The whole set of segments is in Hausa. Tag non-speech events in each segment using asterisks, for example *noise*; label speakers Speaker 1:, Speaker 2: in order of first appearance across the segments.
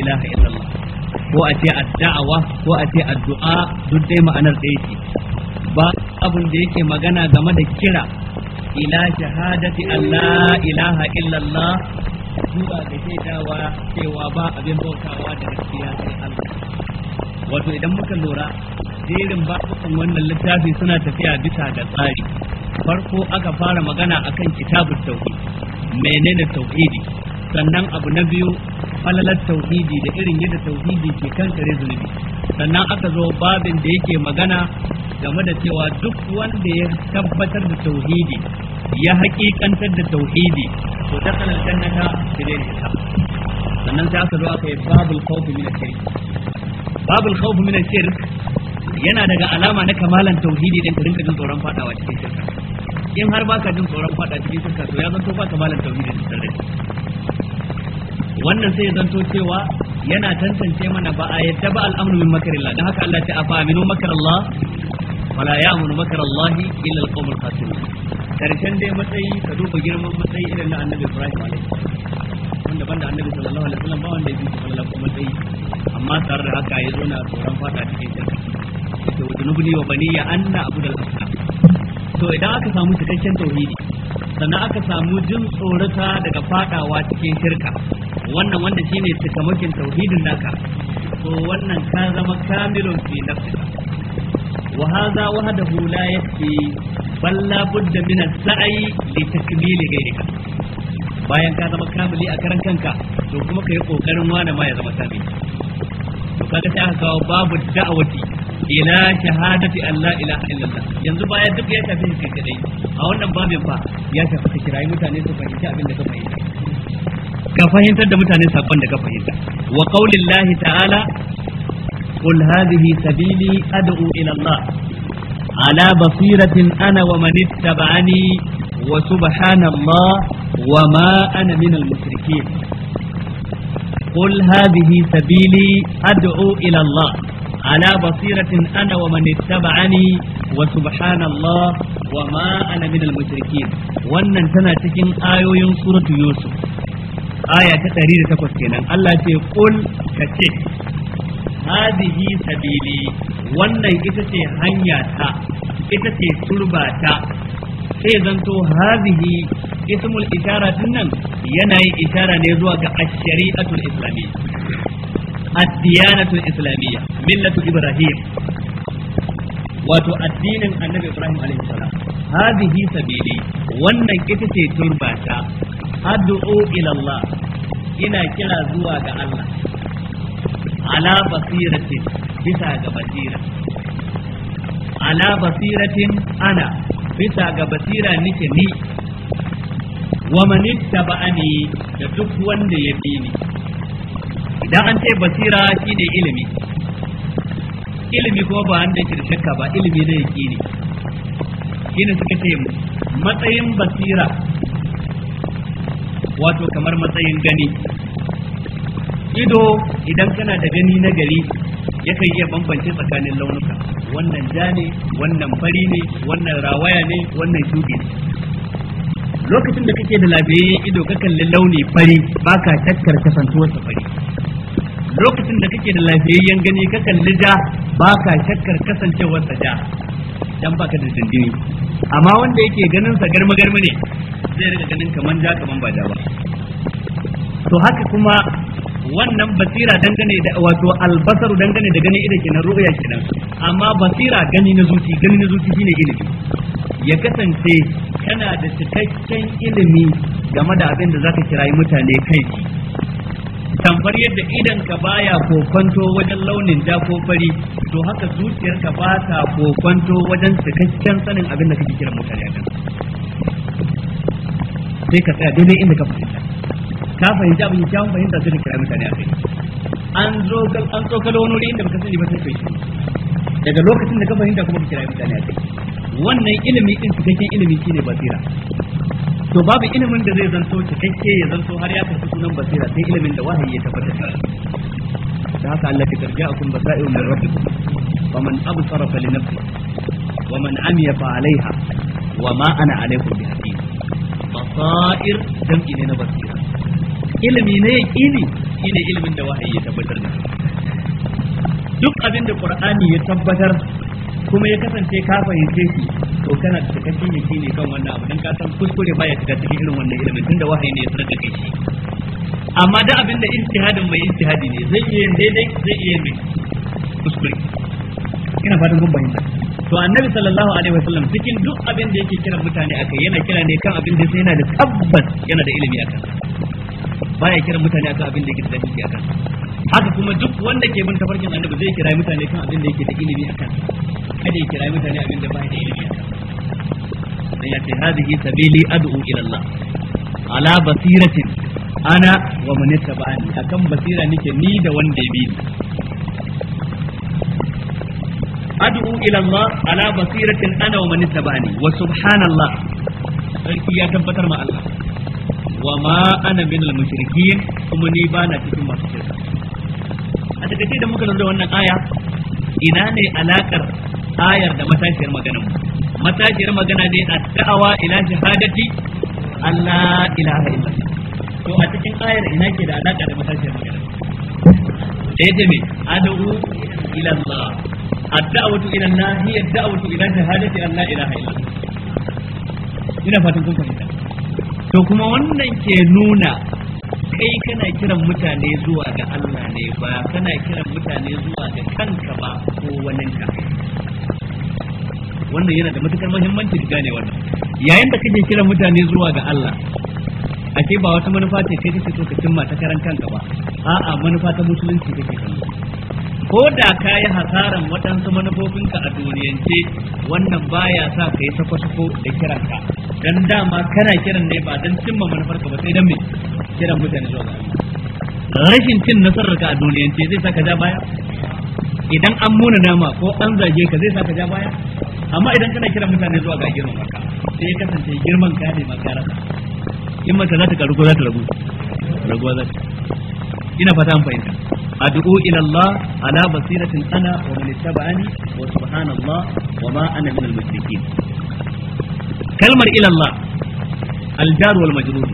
Speaker 1: ilaha illallah ko a ce addu'a ko a ce addu'a duk dai ma'anar da yake ba abin da yake magana game da kira ila shahadati Allah ilaha illallah zuwa ke shaidawa cewa ba abin bautawa da gaskiya sai Allah wato idan muka lura jerin bakukan wannan littafi suna tafiya bisa da tsari farko aka fara magana akan kitabut tauhid menene tauhidi sannan abu na biyu falalar tauhidi da irin yadda tauhidi ke kan kare zunubi sannan aka zo babin da yake magana game da cewa duk wanda ya tabbatar da tauhidi ya haƙiƙantar da tauhidi to ta kanar jannata da dai sannan sai aka zo aka yi babul khawf min ash-shirk babul khawf min ash-shirk yana daga alama na kamalan tauhidi din ka rinka jin tsoron fadawa cikin shirka in har baka jin tsoron fada cikin shirka to ya zanto ba kamalan tauhidi da tsirrai. wannan sai ya zanto cewa yana tantance mana ba a yadda ba al'amru min makarillah dan haka Allah ta afa aminu makarallah wala ya'munu makarallah illa al-qawmul khasirun karshen dai matsayi ka duba girman matsayi irin na annabi Ibrahim alaihi wanda banda annabi sallallahu alaihi wasallam ba wanda ya bi sallallahu alaihi matsayi amma tare da haka ya zo na tsoron fada cikin shirka to dunubni wa baniya anna abudul asnam to idan aka samu cikakken tauhidi sannan aka samu jin tsorata daga fadawa cikin shirka wannan wanda shine cikamakin tauhidin naka to wannan ka zama kamilun fi nafsika wa hadha wahdahu la yakfi bal la budda min as-sa'i li takmili ghayrika bayan ka zama kamili a karan kanka to kuma kai kokarin wani ma ya zama kamili to kaga sai aka kawo babu da'awati ila na Allah ila ilallah yanzu baya duk ya shafi shi a wannan babin fa ya shafi ka kirayi mutane su fahimci abin ka fahimta ka fahimtar da mutane sabon da ka fahimta wa qaulillahi ta'ala qul hadhihi sabili ad'u ila Allah ala basiratin ana wa man ittaba'ani wa subhanallah wa ana min al-mushrikeen qul sabili adu'u ila ala basiratin ana wa man ittaba'ani wa subhanallah wa ma ana min al wannan tana cikin ayoyin suratu yusuf aya ta 108 kenan Allah ce kul kace hadhihi sabili wannan ita ce hanya ta ita ce ta. sai zanto hadhihi ismul ishara din nan yana yin ishara ne zuwa ga ash-shari'atul islamiyya ad-diyanatul islamiyya millatu ibrahim wato addinin annabi ibrahim alaihi salam hadhihi sabili wannan ita ce turbata ad'u ila allah ina kira zuwa ga allah ala basiratin bisa ga basira ala basiratin ana bisa ga basira nike ni wa man ittaba'ani da duk wanda ya bi ni idan an ce basira shine ilimi ilimi kuma ba wanda yake da shakka ba ilimi na ne. shine suka ce matsayin basira wato kamar matsayin gani ido idan kana da gani na gari yakan iya bambance tsakanin launuka wannan ja ne wannan fari ne wannan rawaya ne wannan shuɗi ne lokacin da kake da labiyayyen ido ka kalli launi fari baka shakkar kasantuwarsa fari lokacin da kake da lafiyayyen gani ka kalli ja ba ka shakkar kasancewar sa ja dan baka da dindini amma wanda yake ganin sa garma garma ne zai rika ganin kaman ja kaman ba ja ba to haka kuma wannan basira dangane da wato albasaru dangane da gani ido kenan ru'ya kenan amma basira gani na zuci gani na zuci shine ilimi ya kasance kana da cikakken ilimi game da abin da zaka kirayi mutane kai tamfar yadda idanka baya kokonto wajen launin da ko fari to haka zuciyar ka ba ta kokonto wajen cikakken sanin abin da kake kiran mutane akan sai ka tsaya daidai inda ka fahimta ka fahimta abin kyawun fahimta sai ka kira mutane akai an zo an zo kalo wani inda baka sani ba sai kai daga lokacin da ka fahimta kuma ka kira mutane akai wannan ilimi din cikakken ilimi shine basira to babu ilimin da zai zanto cikakke ya zanto har ya karɓi sunan basira sai ilimin da wahayi ya tabbatar da haka Allah ya karja akum basa'ir min rabbikum faman absara fa linafsi wa man amiya fa alaiha wa ma ana alaikum bi hafiz basa'ir jam'i ne na basira ilimi ne yaqini shine ilimin da wahayi ya tabbatar da duk abin da qur'ani ya tabbatar kuma ya kasance ka fahimce shi to kana da cikakken yaki ne kan wannan abu dan ka san kuskure baya shiga cikin irin wannan ilimin tunda wahayi ne ya sanar da kai shi amma da abin da ijtihadin mai ijtihadi ne zai iya daidai zai iya mai kuskure ina fatan kun bayyana to annabi sallallahu alaihi wasallam cikin duk abin da yake kiran mutane akai yana kira ne kan abin da sai yana da tabbas yana da ilimi akan baya kiran mutane akan abin da yake da ilimi akan haka kuma duk wanda ke bin tafarkin annabi zai kira mutane kan abin da yake da ilimi akan kada ya kira mutane abin da ba da ilimi akan sai ya ce hadhihi sabili ad'u ila Allah ala basiratin ana wa man ittaba'ani akan basira nake ni da wanda ya bi ni adu'u ila Allah ala basiratin ana wa man ittaba'ani wa subhanallah sarki ya tabbatar ma Allah wa ma ana min al-mushrikin kuma ni ba na cikin masu shirka a takaice da muka lura wannan aya ina ne alakar ayar da matashiyar magana matashiyar magana ne a da'awa ila shahadati Allah ilaha illallah to a cikin ayar ina ke da alaka da matashiyar magana sai ta me adu ila Allah ad'awatu ila Allah hi ad'awatu ila shahadati Allah ilaha illallah ina fatan kun fahimta to kuma wannan ke nuna kai kana kiran mutane zuwa ga Allah ne ba kana kiran mutane zuwa ga kanka ba ko ka. wannan yana da matukar muhimmanci ka gane wannan yayin da kake kiran mutane zuwa ga Allah ake ba wata manufa ce kai kake so ka cimma ta karan kanka ba a'a manufa ta musulunci kake kan ko da ka yi hasaran waɗansu ka a duniyance wannan baya sa ka yi sako-sako da kiranka don dama kana kiran ne ba don cimma manufar ka ba sai don me kiran mutane zuwa ga rashin cin nasararka a duniyance zai saka ja baya idan an muna nama ko an zage ka zai saka ja baya amma idan kana kiran mutane zuwa ga girman maka sai ya kasance girman ka ne maka rasa in mace za ta karu ko za ta ragu raguwa za ta ina fata an fahimta Addu'u ila Allah ala basiratin ana wa man ittaba'ani wa subhanallah wa ma ana min al-mushrikeen kalmar ila Allah al-jar wal majrur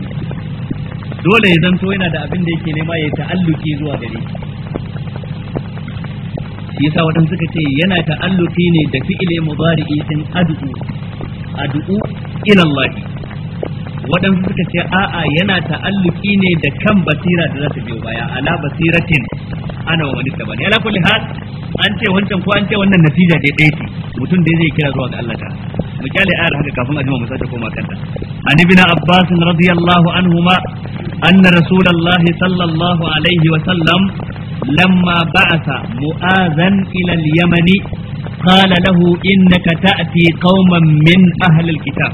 Speaker 1: dole ya zanto yana da abin da yake nema ya ta'alluki zuwa gare shi shi yasa wadan suka ce yana ta'alluki ne da fi'ile mudari'i din ad'u ad'u ila Allah wadan suka ce a'a yana ta'alluki ne da kan basira da za ta biyo baya ala basiratin ana wa wani tabani ala kulli hal an ce wancan ko an ce wannan natija dai dai ce mutum dai zai kira zuwa ga Allah ta mu kyale ayar haka kafin a jima mu sace koma kanta an ibn abbas radiyallahu anhuma anna rasulullahi sallallahu alaihi wa sallam لما بعث مؤاذا إلى اليمن قال له إنك تأتي قوما من أهل الكتاب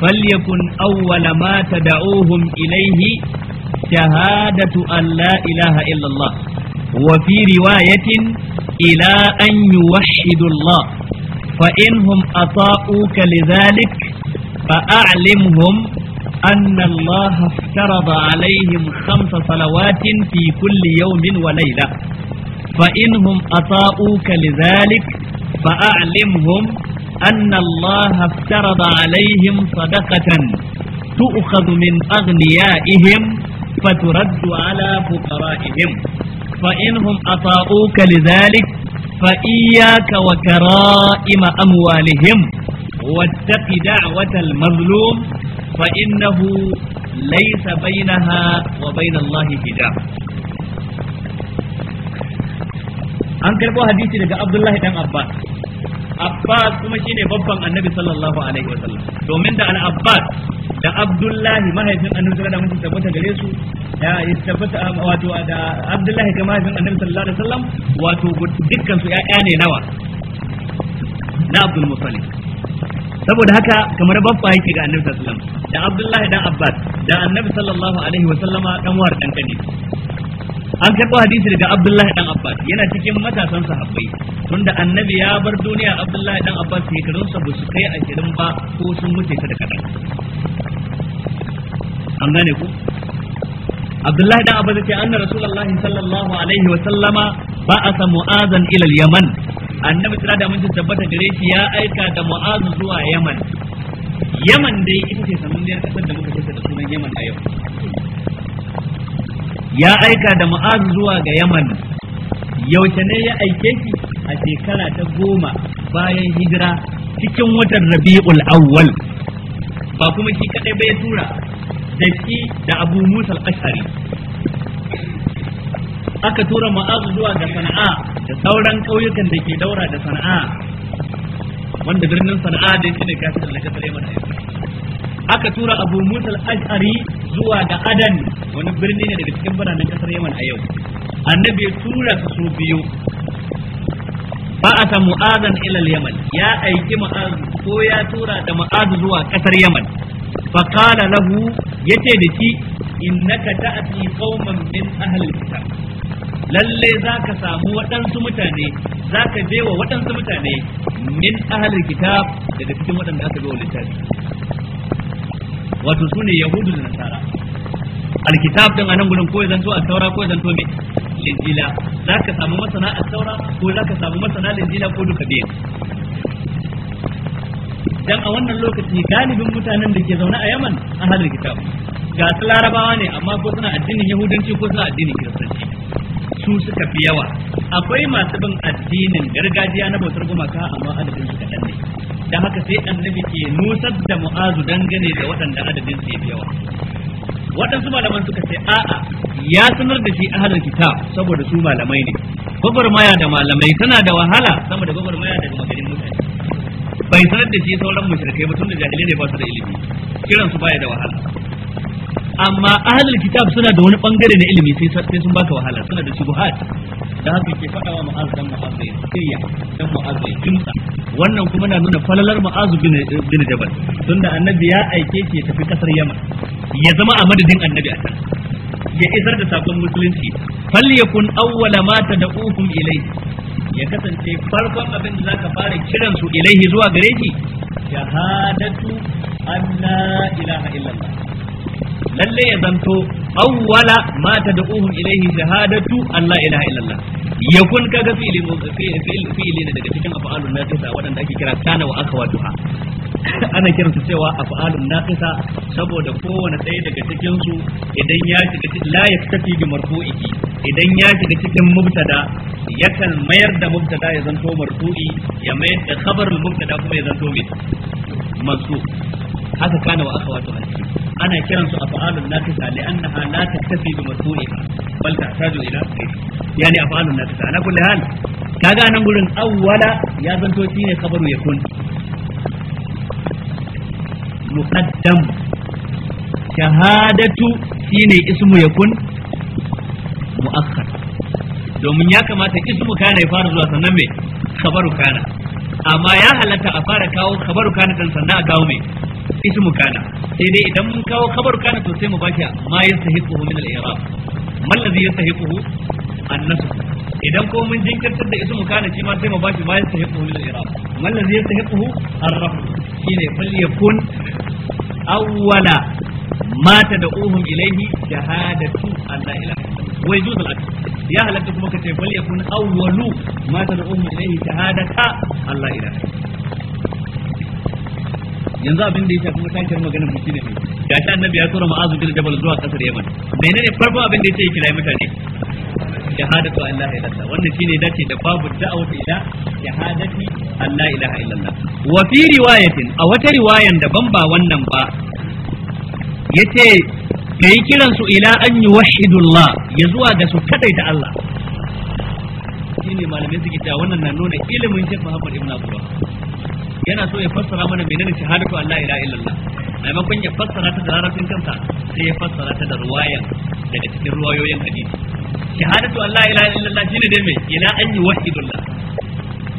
Speaker 1: فليكن أول ما تدعوهم إليه شهادة أن لا إله إلا الله وفي رواية إلى أن يوحدوا الله فإنهم أطاؤوك لذلك فأعلمهم أن الله افترض عليهم خمس صلوات في كل يوم وليلة فإنهم أطاؤوك لذلك فأعلمهم أن الله افترض عليهم صدقة تؤخذ من أغنيائهم فترد على فقرائهم فإنهم أطاؤوك لذلك فإياك وكرائم أموالهم واتق دعوة المظلوم فإنه ليس بينها وبين الله حجاب an karbo hadisi daga Abdullahi dan Abbas Abbas kuma shine babban annabi sallallahu alaihi wasallam domin da al-Abbas da Abdullahi mahaifin annabi sallallahu alaihi wasallam tabbata gare su da ya tabbata wato da Abdullahi ga mahaifin annabi sallallahu alaihi wasallam wato dukkan su ƴaƴa ne nawa na Abdul Muttalib saboda haka kamar babba yake ga annabi sallallahu alaihi wasallam da abdullahi dan abbas da annabi sallallahu alaihi wasallama dan war dan kani an karɓo hadisi daga abdullahi dan abbas yana cikin matasan sahabbai tunda annabi ya bar duniya abdullahi dan abbas shekarunsa ba su kai a shirin ba ko sun mutu ta da an gane ku abdullahi dan abbas ya ce anna rasulullahi sallallahu alaihi wa sallama ba'asa mu'azan ila al-yaman annabi tsira da mun tabbata gare shi ya aika da mu'az zuwa yaman yaman dai ita ce sananniyar kasar da muka kasa da sunan yaman a yau ya aika da mu'az zuwa ga yaman yaushe ne ya aike shi a shekara ta goma bayan hijira cikin watan rabi'ul awwal ba kuma shi kadai bai tura da shi da abu musa al-ashari aka tura ma'azu zuwa ga sana'a da sauran ƙauyukan da ke daura da sana'a wanda birnin sana'a da shine kasar da kasar yamma aka tura abu musa al-ash'ari zuwa ga adan wani birni ne daga cikin biranen kasar yamma a yau annabi ya tura su su biyu ba'ata mu'azan ilal yaman ya aiki mu'azu ko ya tura da mu'azu zuwa kasar yaman fa qala lahu yace da shi innaka ta'ti qauman min ahli kitab lalle za ka samu waɗansu mutane za ka je wa waɗansu mutane min ahalar kitab daga cikin waɗanda aka zo littafi wato su ne yahudu da nasara alkitab din anan gurin ko zanto a taura ko zanto ne linjila za ka samu masana a taura ko za ka samu masana linjila ko duka biyan dan a wannan lokaci galibin mutanen da ke zaune a yaman ahalar kitab ga su larabawa ne amma ko suna addinin yahudanci ko suna addinin su suka fi yawa akwai masu bin addinin gargajiya na bautar gumaka amma adadin su kaɗan ne da haka sai annabi ke nusar da mu'azu dangane da waɗanda adadin su fi yawa waɗansu malaman suka ce a'a ya sanar da shi halin kitab saboda su malamai ne gwagwarmaya da malamai tana da wahala saboda gwagwarmaya daga magarin mutane bai sanar da shi sauran mushrikai ba tunda jahilai ne ba su da ilimi kiran su baya da wahala amma ahlul kitab suna da wani bangare na ilimi sai sai sun baka wahala suna da shubuhat da haka ke faɗa wa mu'az dan mu'az ya dan mu'az ya wannan kuma na nuna falalar mu'az bin jabal tunda annabi ya aike shi ya tafi kasar yaman ya zama a madadin annabi a can ya isar da sakon musulunci falyakun awwala ma tad'ukum ilayhi ya kasance farkon abin da zaka fara kiran su ilaihi zuwa gare shi shahadatu anna ilaha illallah lalle ya zanto awwala ma tad'uhum ilayhi shahadatu alla ilaha illallah yakun kaga fi'li fi'li fi'li ne daga cikin af'alun naqisa wadanda ake kira kana wa akhawatuha *coughs* ana kiran su cewa af'alun naqisa saboda kowane ɗaya daga cikin su idan ya shiga cikin la yaktafi bi marfu'i idan ya shiga cikin mubtada yakan mayar da mubtada ya zanto marfu'i ya mayar da khabar mubtada kuma ya zanto mai mansub haka kana wa aka akhawatu alhi ana kiran kiransu af'alun naqisa li'annaha la taktafi bi masbu'iha bal tahtaju ila ghayr yani af'alun naqisa ana kulli hal kaga nan gurin awwala ya zanto shine khabaru yakun muqaddam shahadatu shine ismu ya yakun mu'akhkhar domin ya kamata ismu kana ya fara zuwa sannan me kabaru kana amma ya halatta a fara kawo kabaru kana dan sannan a kawo mai ismu kana sai dai idan mun kawo kabaru kana to sai mu baki ma yastahiquhu min al-i'rab man ladhi yastahiquhu an idan ko mun jinkirtar da ismu kana shi ma sai mu baki ma yastahiquhu min al-i'rab man alladhi yastahiquhu ar-raf shine fal yakun awwala mata da uhum ilaihi shahadatu Allah ilaha wai juzul aks ya halatta kuma kace bal yakun awwalu mata da uhum ilaihi shahadata Allah ilaha yanzu abin da ya shafi magana mu mutum ne ga ta annabi ya tura ma'azu bil jabal zuwa kasar yaman menene farko abin da ya yi ya mutane shahadatu an la ilaha wannan shine dace da babu da'awatu ila shahadati an la ilaha illallah wa fi riwayatin a wata riwayan daban ba wannan ba yace kai kiran su ila an Allah ya zuwa ga su kadaita Allah shine malamai suke cewa wannan na nuna ilimin Sheikh Muhammad Ibn Abdullah yana so ya fassara mana menene shahadatu Allah ila illallah maimakon ya fassara ta da larabcin kansa sai ya fassara ta da ruwayan daga cikin ruwayoyin hadisi shahadatu Allah ila illallah shine dai mai ila an Allah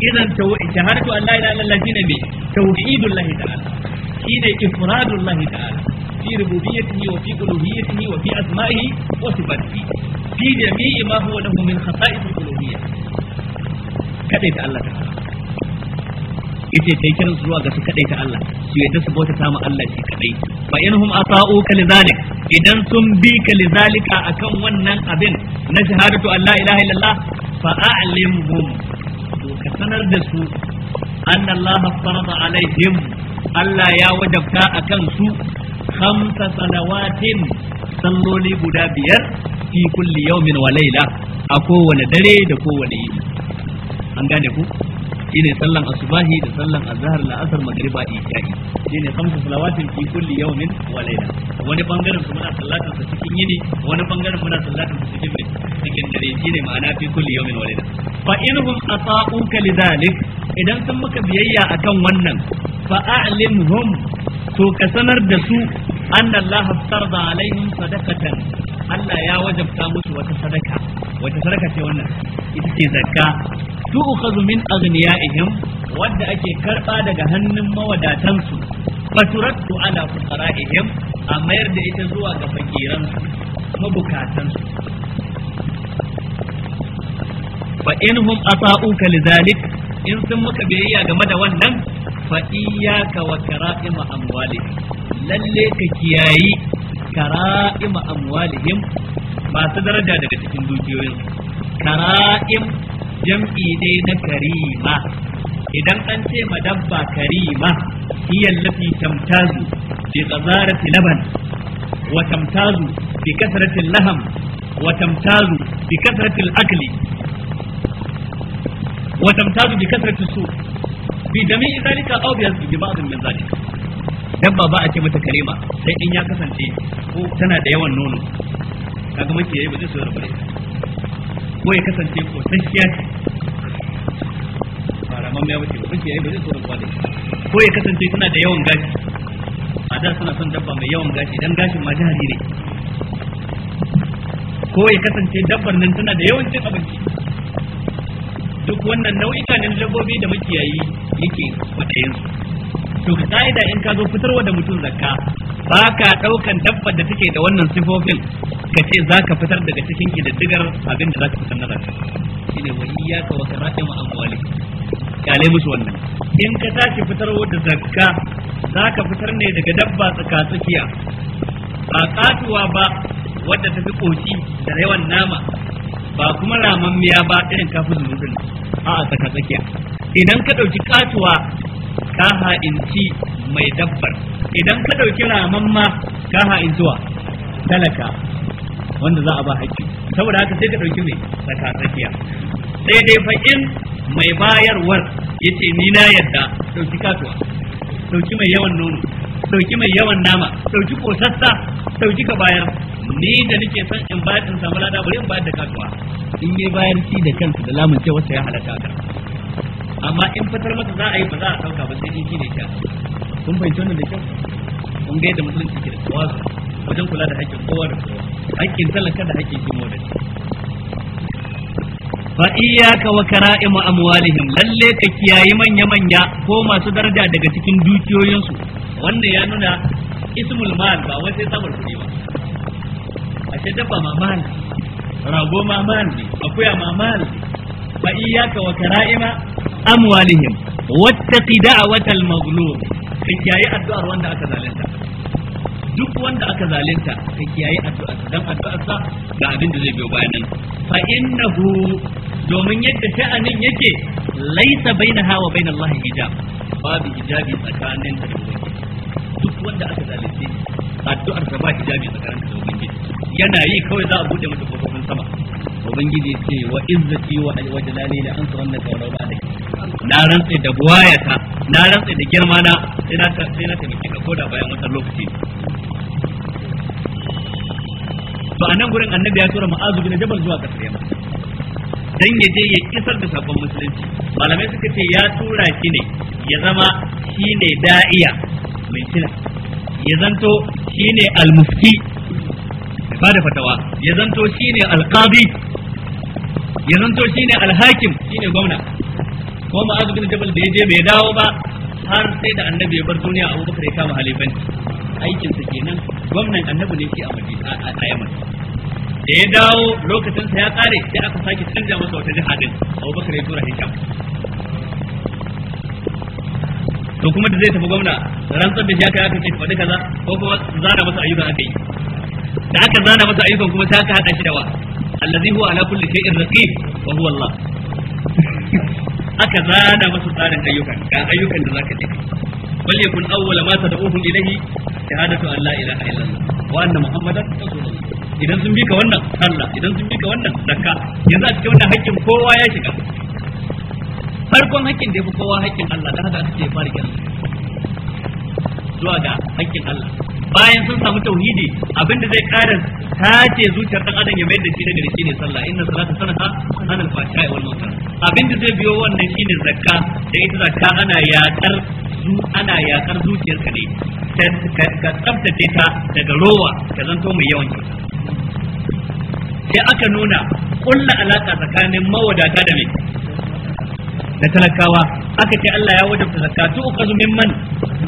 Speaker 1: idan shahadatu Allah ila illallah shine mai tauhidullahi ta'ala shine ifradullahi ta'ala في ربوبيته وفي ألوهيته وفي أسمائه وصفاته في جميع ما هو له من خصائص الألوهية كذلك الله تعالى ita ta kiran su zuwa ga su kadai ta Allah su yadda su bauta samu Allah shi kadai fa inhum ata'u ka lidhalik idan sun bi ka lidhalika akan wannan abin na shahadatu Allah ilaha illallah fa a'limhum to ka sanar da su anna Allah farada alaihim Allah ya wajabta akan su khamsa watin salloli guda biyar fi kulli yawmin wa layla a kowane dare da kowane yini an gane ku shine sallan asubahi da sallan azhar la asr magriba isha'i shine kamsu salawatin fi kulli yawmin wa layla wani bangaren su muna sallatin su cikin yini wani bangaren muna sallatin su cikin mai cikin dare shine ma'ana fi kulli yawmin wa layla fa inhum asa'uka lidhalik idan sun maka biyayya akan wannan fa a'limhum to ka sanar da su anna Allah farda alaihim sadaqatan Allah ya wajabta musu wata sadaka wata sadaka ce wannan ita ce zakka tu'khadhu min aghniyaihim wadda ake karba daga hannun mawadatansu faturaddu ala fuqara'ihim a mayar da ita zuwa ga fakiran mabukatansu fa inhum ata'uka lidhalik in sun maka biyayya game da wannan fa iyyaka wa kara'ima amwalihim lalle ka kiyayi kara'ima amwalihim masu daraja daga cikin dukiyoyinsu kara'im jam'i dai na karima idan an ce madabba karima hiya allati tamtazu bi qazarati laban wa tamtazu bi kasrati laham wa tamtazu bi kasrati akli wa tamtazu bi kasrati su' bi jami'i zalika aw bi ba'd min zalika dabba ba a ce mata karima sai in ya kasance ko tana da yawan nono kaga muke yayi ba zai so rabu da ko ya kasance ko tsakiya ce ba ramar mai wuce ba ya ba zai tsoron kwale ko ya kasance tana da yawan gashi a da suna son dabba mai yawan gashi dan gashin ma jihari ne ko ya kasance dabbar nan tana da yawan cin abinci duk wannan nau'ika ne dabbobi da makiyayi yake kwatayin su to ka ka'ida in ka zo fitarwa da mutum zakka ba ka ɗaukan dabbar da take da wannan sifofin ka ce za ka fitar daga cikin digar abin da za ka fitar na zaka shi ne wani ya ka wata raɗe ma amwali kyale musu wannan in ka tashi fitar da zakka za ka fitar ne daga dabba tsaka tsakiya ba katuwa ba wadda ta fi koci da yawan nama ba kuma ramammiya ba irin kafin zunubin a a tsaka tsakiya idan ka ɗauki katuwa ka ha'inci mai dabbar idan ka ɗauki ramamma ka zuwa talaka wanda za a ba haƙƙi saboda haka sai ka ɗauki mai tsaka sai dai fa in mai bayarwar yace ni na yadda ɗauki katuwa ɗauki mai yawan nono ɗauki mai yawan nama ɗauki kosassa ɗauki ka bayar ni da nake son in bayar in samu lada bari in bayar da katuwa in yi bayar shi da kansa da lamun cewa sai ya halaka ka amma in fitar masa za a yi ba za a sauka ba sai dinki ne ka kun fahimci wannan da kyau kun ga yadda musulunci ke da wajen kula da haƙƙin kowa da kowa haƙƙin talaka da haƙƙin kimo da fa iyyaka wa kara'im amwalihim lalle ka kiyayi manya manya ko masu daraja daga cikin dukiyoyinsu wannan ya nuna ismul mal ba wai sai samun kuɗi ba A dabba dafa mal rago ma akwai ne akuya fa iyyaka wa kara'ima amwalihim wattaqi da'watal mazlum ka kiyaye addu'ar wanda aka zalunta duk wanda aka zalunta ka kiyaye addu'ar dan sa ga abin da zai biyo bayan nan fa innahu domin yadda sha'anin yake laisa bainaha wa bainallahi hijab babu hijabi tsakanin da duk wanda aka zalunta addu'ar ba hijabi tsakanin da ubangiji yana yi kawai za a bude mata kofofin sama ubangiji ce wa izzati wa alwajlani la ansurannaka wa ba'da na rantsa da buwayata na rantsa da girma na sai na sai na taimake ka koda bayan wata lokaci to a nan gurin annabi ya tura ma'azu bin jabal zuwa kasar yamma dan ya je ya kisar da sakon musulunci malamai suka ce ya tura shi ne ya zama shi ne da'iya mai kira ya zanto shi ne mufti bada fatawa ya zanto shine alqadi ya zanto shine alhakim shine gwamna ko ma'azu bin jabal da yaje bai dawo ba har sai da annabi ya bar duniya a wuka ya kama halifan aikin sa kenan gwamnan annabi ne ke a Madina a Yaman da ya dawo lokacin sa ya kare sai aka sake canja masa wata jiha din Abu Bakar ya tura Hisham to kuma da zai tafi gwamna rantsar da shi aka aka ce faɗi kaza ko kuma zara masa ayyuka aka yi da aka zana masa ayyukan kuma sai aka hada shi da wa allazi huwa ala kulli shay'in raqib wa huwa Allah *laughs* aka zana masa tsarin ayyukan ga ayyukan da zaka yi bal yakun awwala ma tad'uhu ilayhi shahadatu an la ilaha illallah wa anna muhammadan rasulullah idan sun bika wannan sallah idan sun bika wannan zakka yanzu a cikin wannan haƙƙin kowa ya shiga farkon haƙƙin da yafi kowa haƙƙin Allah da haka ake fara kiran zuwa ga haƙƙin Allah bayan sun samu tauhidi abinda zai ƙara tace zuciyar dan adam ya mai da shi daga shi ne sallah inna salata sanaha an al wal munkar abinda zai biyo wannan shine zakka da ita zakka ana yakar zu ana yakar ka ne ka tsaftace ta daga rowa ka zanto mai yawan ki sai aka nuna ƙulla alaka tsakanin mawadata da mai na talakawa aka ce Allah ya wajabta zakka tu ukazu mimman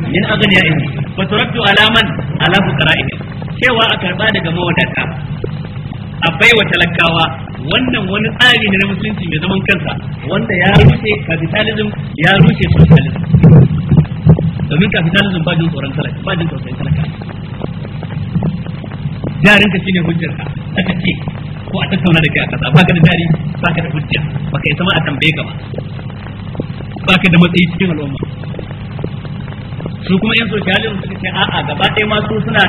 Speaker 1: min aghniyaihim wa turaddu ala man ala fuqara'ihim cewa a karba daga mawadata a baiwa talakawa wannan wani tsari ne na musulunci mai zaman kansa wanda ya rushe capitalism ya rushe socialism domin capitalism ba jin tsoron talaka ba jin tsoron talaka ka shine hujjarka aka ce ko a tattauna da kai a kasa ba ka da jari ba ka da hujja ba ka yi sama a tambaye ka ba baka da matsayi cikin al'umma su kuma yan socialism suka ce a'a gaba ɗaya ma su suna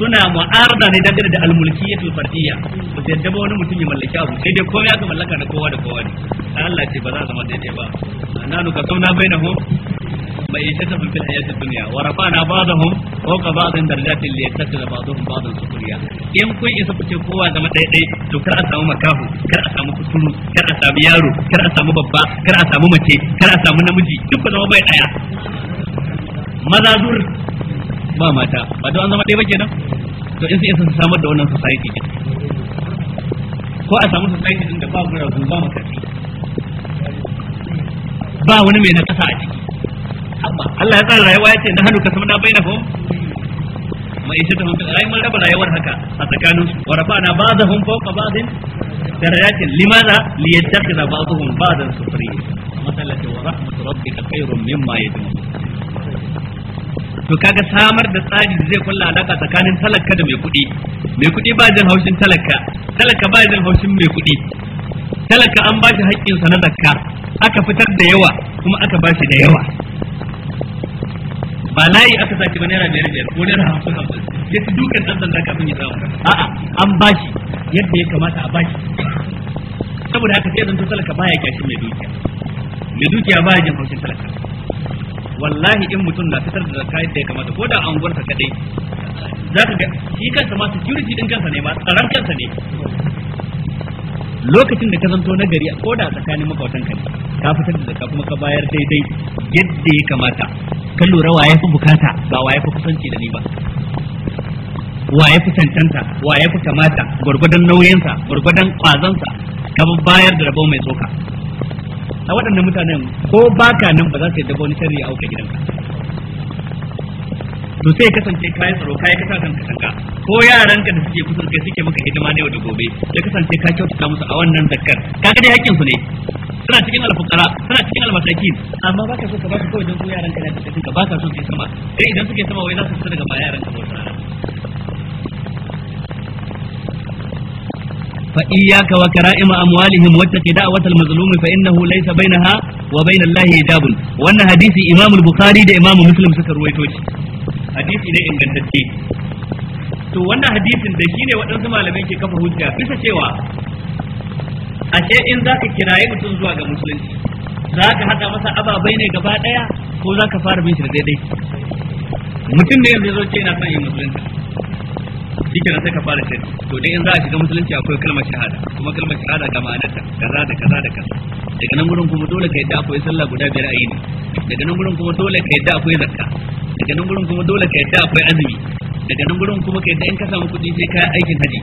Speaker 1: suna mu'arada ne dangane da almulkiyyatul fardiyya ba su yadda ba wani mutum ya mallaki abu sai dai komai aka mallaka na kowa da kowa ne Allah ce ba za a zama daidai ba nanu ka sauna bainahum معيشتهم في الحياة الدنيا ورفعنا بعضهم فوق بعض درجات بعضهم in kun isa ku ce kowa zama to kar a samu kar a samu kar a samu yaro kar a samu babba kar a samu mace kar a samu namiji duk ku zama bai ɗaya maza ba mata ba don an zama ɗaya ba kenan to in sai su samar da wannan society ko a samu society din da ba ba makafi ba wani mai na kasa a ciki amma Allah ya tsara rayuwa ya ce na hannu kasam na bainahum mai shi hannu ai mun raba rayuwar haka a tsakanin su warfa'na ba fawqa ba'din darajatin limaza liyattakhidha ba'dahum ba'dan sufriya masalatu wa rahmatu rabbika khairun mimma yajma'un to kaga samar da tsari zai kulla alaka tsakanin talaka da mai kuɗi mai kuɗi ba jin haushin talaka talaka ba jin haushin mai kuɗi talaka an ba shi haƙƙinsa na zakka aka fitar da yawa kuma aka ba shi da yawa ba layi aka sake ba naira biyar biyar ko naira hamsin hamsin ya ci dukan ɗan sanda kafin ya samu a'a an bashi yadda ya kamata a bashi saboda haka sai zan talaka baya kyashi mai dukiya mai dukiya baya jin haushin talaka wallahi in mutum na fitar da zakka yadda ya kamata ko da anguwarsa kadai za ka ga shi kansa ma security din kansa ne ma tsaron kansa ne lokacin da ka zanto gari ko da tsakanin makwatan ka ka fitar da zakka kuma ka bayar daidai yadda ya kamata ka lura ya fi bukata ba ya fi kusanci da ni ba ya fi cancanta ya fi kamata gwargwadon nauyinsa gwargwadon ƙwazansa ka bayar da rabo mai tsoka a waɗannan mutanen ko baka nan ba za su dabo wani sharri ya auka gidanka to sai kasance kai tsaro kai ka sa kanka shakka ko yaran ka da suke kusan kai suke maka hidima ne da gobe ya kasance ka kyautata musu a wannan zakkar kaga dai hakkin su ne suna cikin alfukara suna cikin almasakin amma ka so ka baka kawai don su yaran ka da suke ka ka so su sama sai idan suke sama wai za su fita daga ba yaran ka ba فإياك وكرائم أموالهم واتق دعوة المظلوم فإنه ليس بينها وبين الله حجاب وأن حديث إمام البخاري ده إمام مسلم سكر ويتوش hadisi ne ingantacce to wannan hadisin da shine waɗansu malamai ke kafa hujja bisa cewa ashe in zaka kiraye mutum zuwa ga musulunci zaka haɗa masa ababai ne gaba ɗaya, ko zaka fara bin shi da daidai mutum ne yanzu zo ce yana son yin musulunci shike sai ka fara shi to dai in za a shiga musulunci akwai kalmar shahada kuma kalmar shahada ga ta kaza da kaza da kaza daga nan gurin kuma dole ka yadda akwai sallah guda biyar a yi ne daga nan gurin kuma dole ka yadda akwai zakka daga nan gurin kuma dole ka yadda akwai azumi daga nan gurin kuma ka yadda in ka samu kuɗi sai ka aikin haji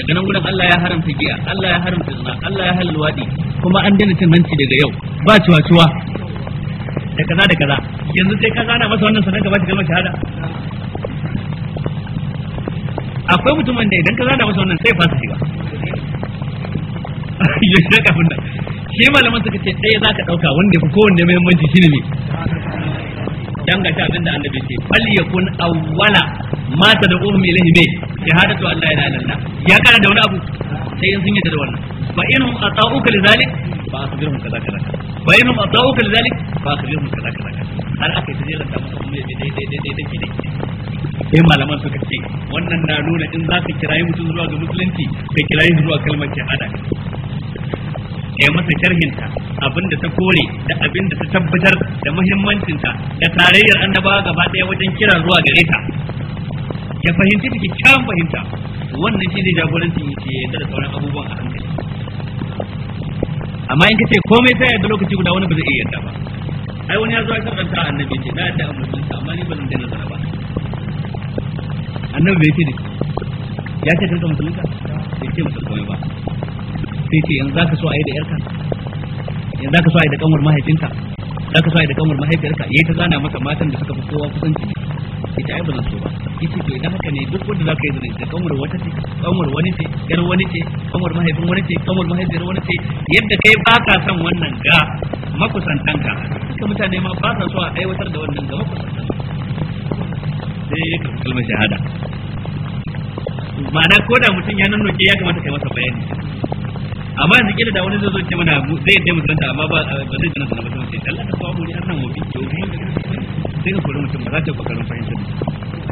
Speaker 1: daga nan gurin Allah ya haramta giya Allah ya haramta zina Allah ya halal wadi kuma an daina cin hanci daga yau ba ciwa-ciwa da kaza da kaza yanzu sai ka zana masa wannan sanar ba shi kalmar shahada akwai mutumin da idan ka zada masa wannan sai fasa shiga *laughs* ya shiga kafin nan shi malaman suka ce ɗaya za ka ɗauka wanda ya fi kowanne muhimmanci shi ne dangata abin da annabi ce fal yakun awwala ma tad'uhum ilayhi bi shahadatu an la ilaha illallah ya kana da wani abu sai in sun yi da wannan fa inhum ata'uka lidhalik fa كذا كذا kaza fa in hum كذا كذا fa اكيد kaza kaza har aka yi دي دي دي دي دي dai dai dai dai sai malaman suka ce wannan na nuna in za ka kirayi mutum zuwa ga musulunci ka kirayi zuwa kalmar shahada ya masa sharhinta abinda ta kore da abinda ta tabbatar da muhimmancinta da tarayyar annaba gaba daya wajen kira zuwa gare ta ya fahimci da kyakkyawan fahimta wannan shi ne jagorancin yake da sauran abubuwan a hankali amma in kace komai sai yadda lokaci guda wani ba zai iya yadda ba ai wani ya zo ya ta annabi ce na yadda amma amma ni ba zan daina zara ba annabi bai ce da ya ce kanka ka bai ce musul komai ba sai ce yanzu zaka so a yi da yarka yanzu zaka so a yi da kanwar mahaifinka zaka so a yi da kanwar mahaifiyarka yayi ta zana masa matan da suka fi kowa kusanci ita ai ba zan so ba yace to idan haka ne duk wanda zaka yi zina da kanwar wata ce kanwar wani ce yar wani ce kanwar mahaifin wani ce kanwar mahaifiyar wani ce yadda kai ba ka son wannan ga makusantanka duka mutane ma ba sa so a aiwatar da wannan ga makusantanka sai ya karɓi kalmar shahada ma'ana ko da mutum ya nan ya kamata kai masa bayani amma yanzu kila da wani zai zo ce mana zai yadda musulunta amma ba ba zai tana sanar mutum sai Allah ta kawo wuri har nan wabi ke wuri sai ka kula mutum ba za ta kokarin fahimta.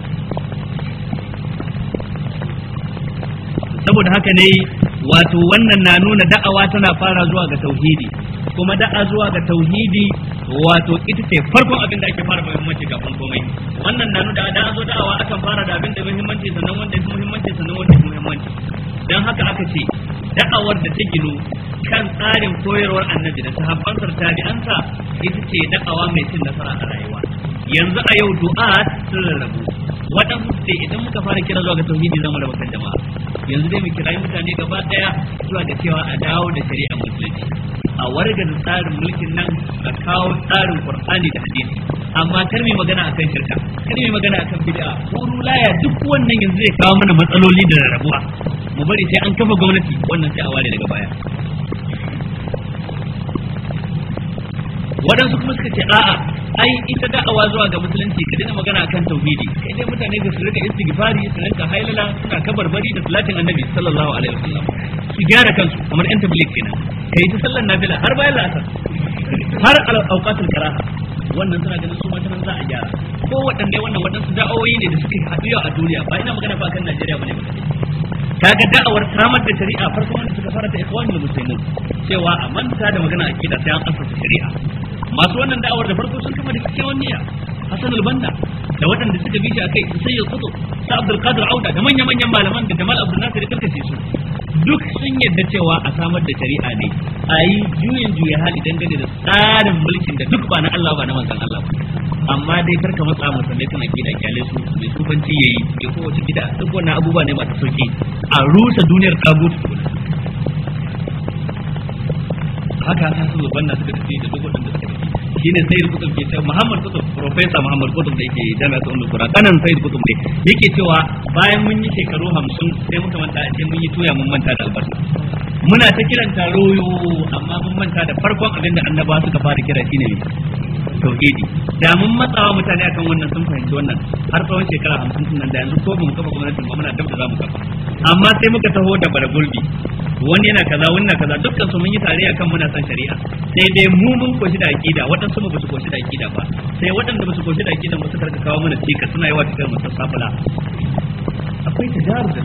Speaker 1: saboda haka ne wato wannan na nuna da'awa tana fara zuwa ga tauhidi kuma da'a zuwa ga tauhidi wato ita ce farkon abin da ake fara muhimmanci kafin komai wannan na nuna da'a zo da'awa akan fara da abin da muhimmanci sannan wanda ya muhimmanci sannan wanda ya muhimmanci dan haka aka ce da'awar da ta gino kan tsarin koyarwar annabi da sahabbansa tabi'ansa ita ce da'awa mai cin nasara a rayuwa yanzu a yau du'a sun rarrabu waɗansu su ce idan muka fara kira zuwa ga tauhidi zama da kan jama'a yanzu dai mu kirayi mutane gaba ɗaya zuwa da cewa a dawo da shari'a musulunci a wargaza tsarin mulkin nan a kawo tsarin qur'ani da hadisi amma kar mai magana akan shirka kar mai magana akan bid'a ko rulaya duk wannan yanzu zai kawo mana matsaloli da rarrabuwa mu bari sai an kafa gwamnati wannan sai a ware daga baya waɗansu kuma suka ce a'a ai ita da'awa zuwa ga musulunci ka daina magana akan tauhidi kai dai mutane da su rika istighfari su rika hailala suna kabarbari da salatin annabi sallallahu alaihi wasallam su gyara kansu kamar yan tabligh kenan kai ta sallar nafila har bayan la'asar har al-awqatul karaha wannan suna ganin su mata nan za a gyara ko waɗanne wannan waɗansu da'awoyi ne da suke haɗu yau a duniya ba ina magana ba kan Najeriya bane kaga da'awar samar da shari'a farko wanda suka fara ta da musulmi cewa a manta da magana akida sai an asasa shari'a masu wannan da'awar da farko sun kama da kyakkyawan niyya hasan al-Banna da waɗanda suka bi shi akai Sayyid Qutb da Abdul Qadir Auda da manya manyan malaman da Jamal Abdul Nasir da karkace su duk sun yadda cewa a samar da shari'a ne a yi juyin juya hali dangane da tsarin mulkin da duk ba na Allah ba na manzon Allah ba amma dai karka matsa mu ne kana kida kyale su mai sufanci yayi ko kowace gida duk wannan abubuwa ne masu sauki a rusa duniyar tagut haka ta su banna suka tafi da shine sayyid kutub ke cewa muhammad kutub professor muhammad kutub da yake jami'a ummul qura kanan sayyid kutub ne yake cewa bayan mun yi shekaru 50 sai muka manta sai mun yi tuya mun manta da albarka muna ta kiran taro amma mun manta da farkon abin da annaba suka fara kira shine tauhidi da mun matsawa mutane akan wannan sun fahimci wannan har tsawon shekara hamsin sun nan da yanzu ko mun kafa gwamnati ba muna dab da zamu kafa amma sai muka taho da baragulbi wani yana kaza wani na kaza dukkan su mun yi tare akan muna san shari'a sai dai mu mun koshi da akida waɗansu ba su koshi da akida ba sai waɗanda ba su koshi da akida ba su karka kawo mana cika suna yawa cikin mu sassafula akwai tijaru da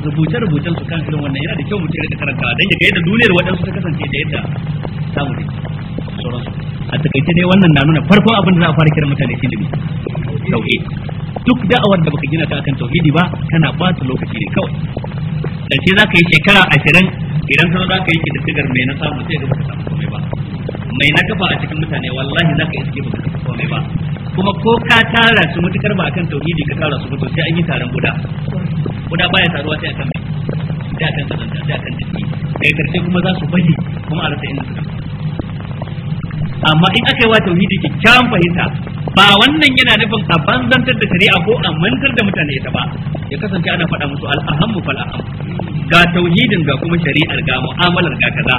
Speaker 1: rubuce-rubucen su kan irin wannan yana da kyau mutum ya karanta don ya ga yadda duniyar waɗansu ta kasance da yadda samu ne sauransu a takaice dai wannan na nuna farko abin da za a fara kiran mutane shi ne tauhid duk da'awar da baka gina ta akan tauhidi ba kana bata lokaci ne kawai karshe za ka yi shekara ashirin idan kuma za ka yi kididdigar mai na samu sai ka baka samu komai ba mai na kafa a cikin mutane wallahi za ka yi suke baka samu komai ba kuma ko ka tara su matukar ba akan tauhidi ka tara su ba to sai an yi taron guda guda baya taruwa sai akan mai sai akan kazanta sai akan jiki daga karshe kuma za su baje kuma a rasa inda suka amma in aka yi wa tauhidi kyakkyawan fahimta ba wannan yana nufin a banzantar da shari'a ko a mantar da mutane ita ba ya kasance ana faɗa musu al'ahammu fal aham ga tauhidin ga kuma shari'ar ga mu'amalar ga kaza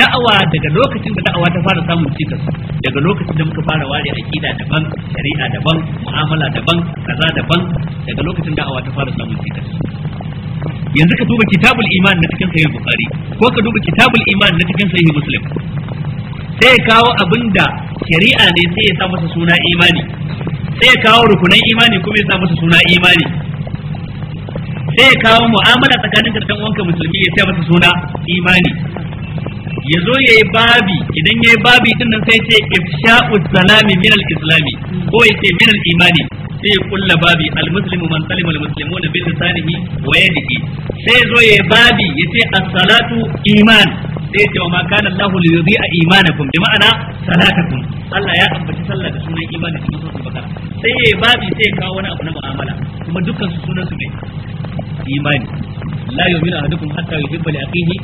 Speaker 1: da'awa daga lokacin da da'awa ta fara samun cikas daga lokacin da muka fara ware aqida daban shari'a daban mu'amala daban kaza daban daga lokacin da'awa ta fara samun cikas yanzu ka duba kitabul iman na cikin sahih bukhari ko ka duba kitabul iman na cikin sahih muslim sai ya kawo abin da shari'a ne sai ya sa masa suna imani sai ya kawo rukunan imani kuma ya sa masa suna imani sai ya kawo mu'amala tsakanin karshen wanka musulmi ya sa masa suna imani ya zo ya yi babi idan ya yi babi din nan sai ce ifsha'u salami min al-islami ko ya ce min al-imani sai ya kulla babi al-muslimu man salima al da bil lisanihi wa yadihi sai zo ya yi babi ya ce as-salatu iman sai ya ce wa ma kana Allah li yudhi'a imanakum bi ma'ana salatakum Allah ya ambaci sallah da sunan imani cikin sura bakara sai ya yi babi sai ya kawo wani abu na mu'amala kuma dukkan su sunan su ne imani la yu'minu ahadukum hatta yuhibba li akhihi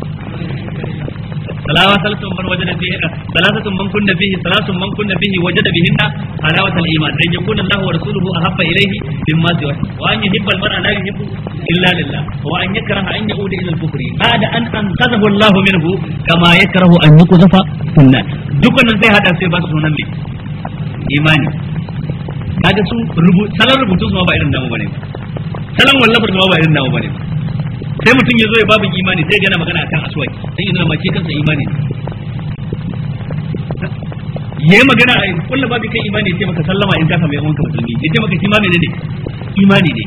Speaker 1: salawa salatun man wajada salatun man kunna salatun man kunna wajada al-iman wa rasuluhu ahabba ilayhi mimma siwa wa an yuhibba al-mar'a la yuhibbu illa lillah wa an yakraha an ila al-kufri ba'da an anqadhahu minhu kama yakrahu an yuqdhafa hada sai ba su sunan ne imani kaga su rubu salar rubutu su ba irin namu bane ba salon wallafar ta ba irin nawa bane sai mutum ya zo ya babu imani sai gana magana akan aswai sai ma ke kansa imani ya yi magana a kulla babu kai imani ya ce maka sallama in ka mai yan wanka musulmi ya ce maka shi ne ne imani ne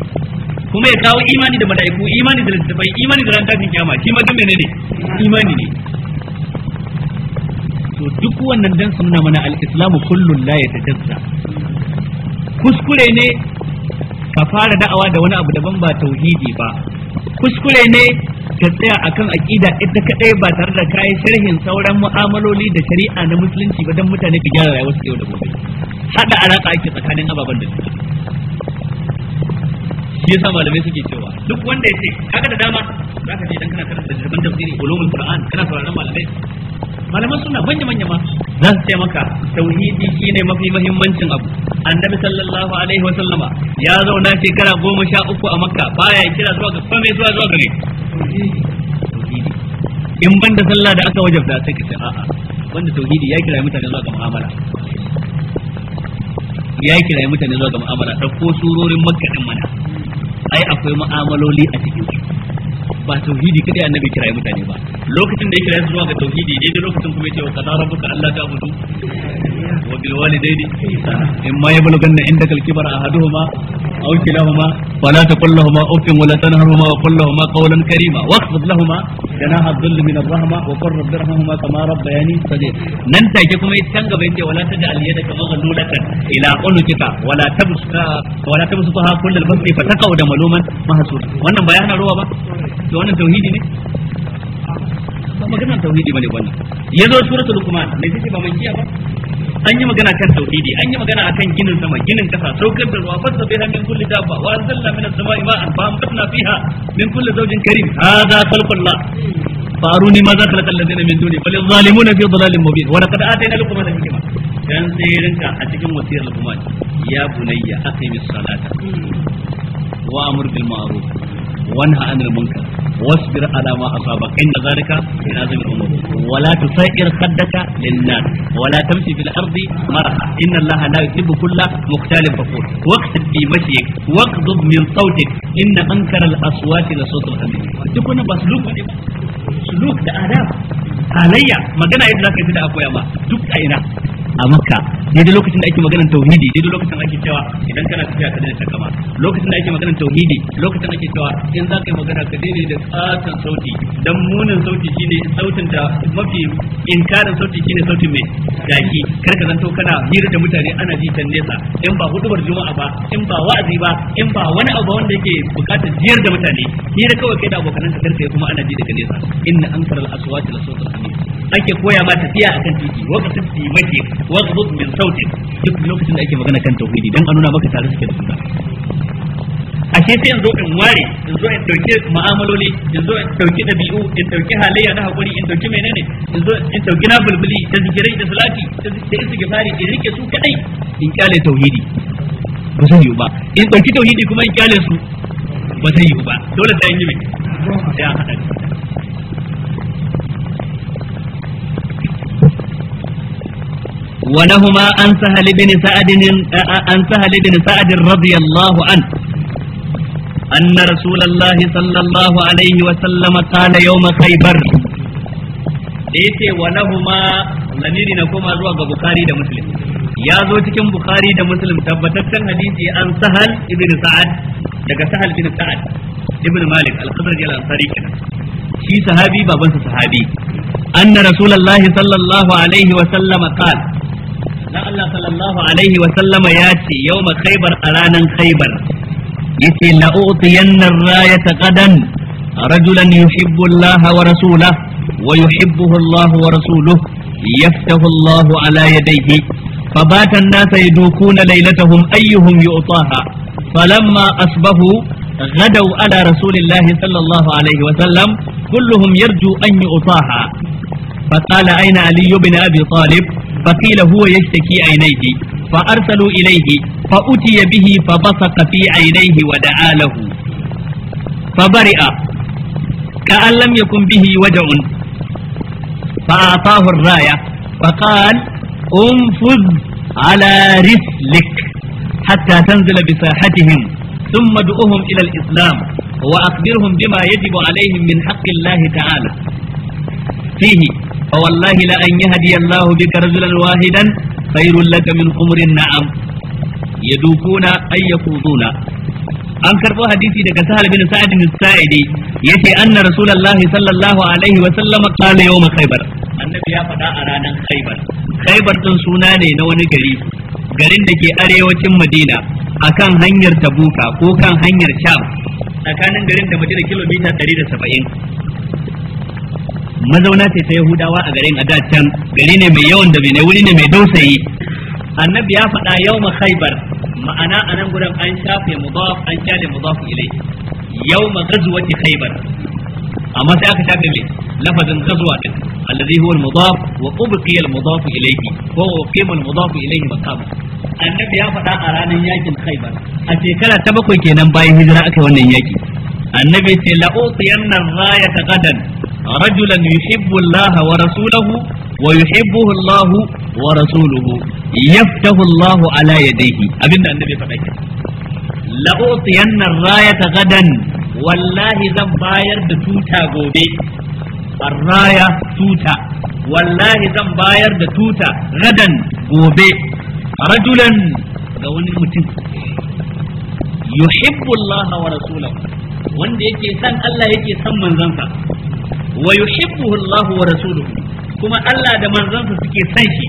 Speaker 1: kuma ya kawo imani da mala'iku imani da littafai imani da ran fi kiyama shi ma ne ne imani ne to duk wannan dan sunna mana al-islamu kullun la yatajassa kuskure ne fara da'awa da wani abu daban ba tauhidi ba kuskure ne ka tsaya akan aqida ita kadai ba tare da kai sharhin sauran mu'amaloli da shari'a na musulunci ba dan mutane su gyara su yau da gobe hada alaka ake tsakanin ababen da suke shi yasa malamai suke cewa duk wanda ya ce kaga da dama zaka je dan kana karanta littafin tafsiri ulumul qur'an kana sauraron malamai malaman suna manya manya ma za su ce maka tauhidi shine mafi muhimmancin abu annabi sallallahu alaihi wa sallama ya zauna shekara goma sha uku a makka baya kira zuwa ga kome zuwa zuwa gare in banda sallah da aka wajabta sai ka ce a'a wanda tauhidi ya kira mutane zuwa ga mu'amala ya kira mutane zuwa ga mu'amala dauko surorin makka din mana ai akwai mu'amaloli a cikin su ba tauhidi kadai annabi kirayi mutane ba lokacin da ya kira zuwa ga tauhidi da lokacin kuma yace wa qad rabbuka ta budu. wa bil walidayni in ma yablughanna inda kal kibara ahaduhuma aw kilahuma fala taqul lahumā uffin wa la tanharhumā wa qul lahumā qawlan karīmā waqfid lahumā janaha dhilli min ar-rahmā wa qur rabbi irhamhumā kamā rabbayani saghīr nan take kuma yace can gaba yace wala taj'al yadaka maghlulatan ila unuka wala tabsuka wala tabsuka kullal basti da maluman mahsur wannan bayanan ruwa ba to wannan tauhidi ne ba magana tauhidi bane wannan yazo suratul luqman ne sai ba mankiya ba an yi magana kan tauhidi an yi magana akan ginin sama ginin kasa saukar da ruwa fasa bai min kulli dabba wa anzalna as samai ma'an fa ambatna fiha min kulli zawjin karim hadha khalqullah فاروني ماذا خلق الذين من دوني بل الظالمون في ضلال مبين na اتينا لقمان الحكمه dan sai rinka a cikin wasiyar luqman ya bunayya aqimi salata wa amur bil ma'ruf wanha anil munkar wasbir ala ma asaba inna zalika min azmi al-umur wa la tusair khaddaka lin-nas wa la tamshi fil ardi marha inna allaha la yuhibbu kulla mukhtalin fakhur waqtid bi mashik waqdud min sawtik inna ankara al-aswati la sawt al-hamid duk wannan ba suluk bane suluk da adab halayya magana yadda zaka yi da akoya ma duk a ina a makka daidai lokacin da ake maganar tauhidi daidai lokacin ake cewa idan kana tafiya ka daina takama lokacin da ake maganar tauhidi lokacin ake cewa in za ka yi magana ka daina da katon sauti dan munin sauti shine sautin da mafi inkarin sauti shine sautin mai daki kar ka zanto kana hira da mutane ana ji can nesa in ba hudubar juma'a ba in ba wa'azi ba in ba wani abu wanda yake bukatar jiyar da mutane hira kawai kai da abokan ka karfe kuma ana ji daga nesa inna ankara al-aswati la sawtul hamid ake koya ma tafiya akan titi waqtin timaki واغضض من صوتك duk lokacin da ake magana kan tauhidi dan a nuna maka tare suke da A ashe sai in zo in ware in zo in dauki ma'amaloli in zo in dauki dabi'u in dauki halayya na hakuri in dauki menene in zo in dauki na bulbuli da zikirai da salati da istighfari in rike su kadai in kyale tauhidi ba zai yi ba in dauki tauhidi kuma in kyale su ba zai yi ba dole sai in yi mai sai hada ولهما عن سهل بن سعد عن سهل بن سعد رضي الله عنه أن رسول الله صلى الله عليه وسلم قال يوم خيبر wa lahuma lamiri na koma zuwa ya zo cikin bukhari da muslim tabbataccen hadisi an sahal ibn sa'ad daga sahal ibn sa'ad ibn malik al-khazraj al-ansari kenan sahabi babansa sahabi anna rasulullahi alaihi wa sallam qala manzo Allah sallallahu alaihi wa sallama ya ce yawma khaybar a ranan khaybar yace la utiyanna rayata qadan rajulan yuhibbu Allah wa rasulahu wa yuhibbuhu Allah wa rasuluhu yaftahu Allah ala yadayhi فبات الناس يدوكون ليلتهم أيهم يؤطاها فلما أصبحوا غدوا على رسول الله صلى الله عليه وسلم كلهم يرجو أن يؤطاها فقال أين علي بن أبي طالب فقيل هو يشتكي عينيه فأرسلوا إليه فأتي به فبصق في عينيه ودعا له فبرئ كأن لم يكن به وجع فأعطاه الراية فقال انفذ على رسلك حتى تنزل بساحتهم ثم ادعوهم إلى الإسلام وأخبرهم بما يجب عليهم من حق الله تعالى فيه fa wallahi la an yahdi Allah bika rajulan wahidan khairul laka min humrin na'am yadukuna ayyakuduna an karbo hadisi daga sahal bin sa'ad bin sa'idi yace anna rasulullahi sallallahu alaihi wa sallam qala yawm khaybar annabi ya faɗa a ranar khaybar khaybar din suna ne na wani gari garin da ke arewacin madina akan hanyar tabuka ko kan hanyar sham tsakanin garin da madina kilomita 170 mazauna ce ta yahudawa a garin a can gari ne mai yawan da ne wuri ne mai dausayi annabi ya faɗa yau ma khaibar ma'ana a nan gudan an shafe mudaf an kyale mudaf ilai yau ma gazuwati khaibar amma sai aka shafe mai lafazin gazuwa din allazi huwa al-mudaf wa ubqiya al-mudaf ilayhi ko wa qima al-mudaf ilayhi maqam annabi ya faɗa a ranar yakin khaibar a shekara ta bakwai kenan bayan hijira aka wannan yaki annabi ce la'utiyanna rayata gadan rajulan yuhibbu Allah wa rasulahu wa yuhibbuhu wa rasuluhu yaftahu Allah ala yadayhi abinda annabi faɗa ke la utiyanna rayata gadan wallahi zan bayar da tuta gobe raya tuta wallahi zan bayar da tuta gadan gobe rajulan ga wani mutum yuhibbu wa rasulahu wanda yake san Allah yake san manzansa wa yuhibbuhu Allah wa rasuluhu kuma Allah da manzansa suke san shi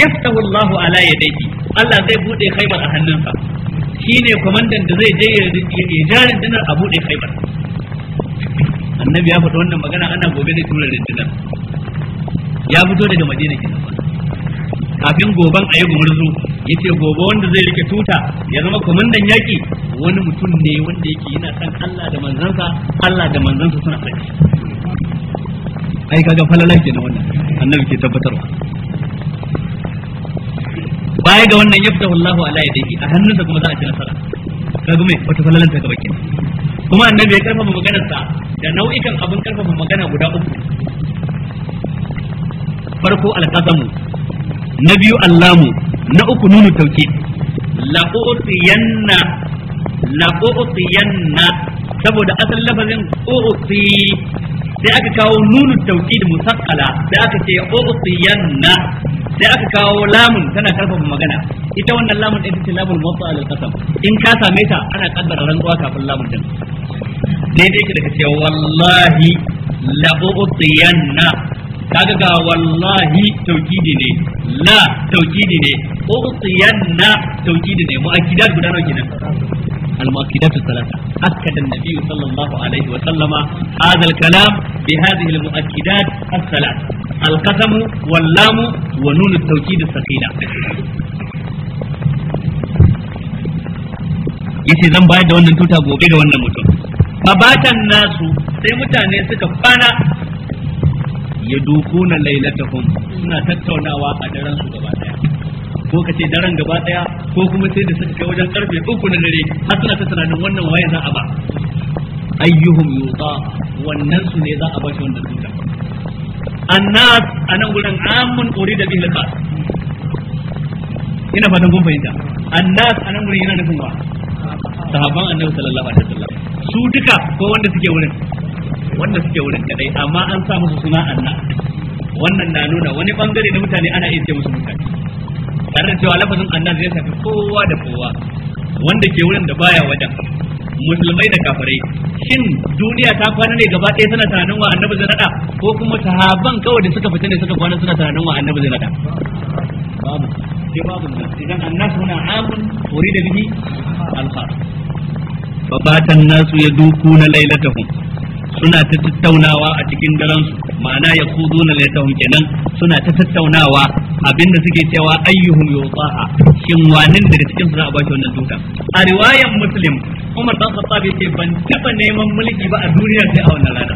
Speaker 1: yaftahu Allah ala yadayhi Allah zai bude khaybar a hannun hannunsa shine komandan da zai je ya jarin dinar a bude khaybar annabi ya faɗi wannan magana ana gobe da tura rundunar ya fito daga madina kenan kafin goban a yi gumurzu ya ce gobe wanda zai rike tuta ya zama kwamandan yaƙi wani mutum ne wanda yake yana san Allah da manzansa Allah da manzansa suna sani ai kaga falala na wannan annabi ke tabbatarwa baya ga wannan yaftahu Allahu ala yadihi a hannunsa kuma za a ci nasara kaga mai wata falalan ta gaba kuma annabi ya karfafa maganar sa da nau'ikan abin karfafa magana guda uku farko alqasamu na biyu allamu na uku nunu tauke la yanna la u'tiyanna saboda asalin lafazin u'ti sai aka kawo nunu tawkid musaqqala sai aka ce u'tiyanna sai aka kawo lamun tana karfafa magana ita wannan lamun din ce lamun mutsa al qasam in ka same ta ana kaddara rantsuwa kafin lamun din dai ke daga cewa wallahi la u'tiyanna kaga ga wallahi tauhidi ne la tauhidi ne utiyanna tauhidi ne mu'akkidat guda nawa kenan المؤكدات الثلاثة أكد النبي صلى الله عليه وسلم هذا الكلام بهذه المؤكدات الثلاث القسم واللام ونون التوكيد الثقيلة yace zan bayar da wannan tuta gobe ga wannan mutum fa nasu sai mutane suka fana ya dukuna lailatahum suna tattaunawa a daren su gaba daya ko kace daren gaba daya ko kuma sai da suka kai wajen karfe uku na dare har suna ta wannan waye za a ba ayyuhum yuqa wannan su ne za a ba shi wanda tuta annas anan gurin amun urida bihi khas ina fatan kun fahimta annas anan gurin yana nufin ba sahaban annabi sallallahu alaihi wasallam su duka ko wanda suke wurin wanda suke wurin kadai amma an sa musu suna Allah wannan na nuna wani bangare na mutane ana iya ce musu mutane tare da cewa lafazin Allah zai shafi kowa da kowa wanda ke wurin da baya wajen musulmai da kafirai shin duniya ta kwana ne gaba ɗaya suna tunanin wa annabi zai nada ko kuma sahaban kawai da suka fita ne suka kwana suna tunanin wa annabi zai nada babu sai babu nan idan annas huna amun da bihi al babatan nasu ya duku na lailatahum suna ta tattaunawa a cikin daren ma'ana ya kudu na laitahum kenan suna ta tattaunawa abinda suke cewa ayyuhum yutaha shin wanin daga cikin su za a bashi wannan tutan a riwayan muslim Umar dan Khattab ce ban taba neman mulki ba a duniya sai a wannan rana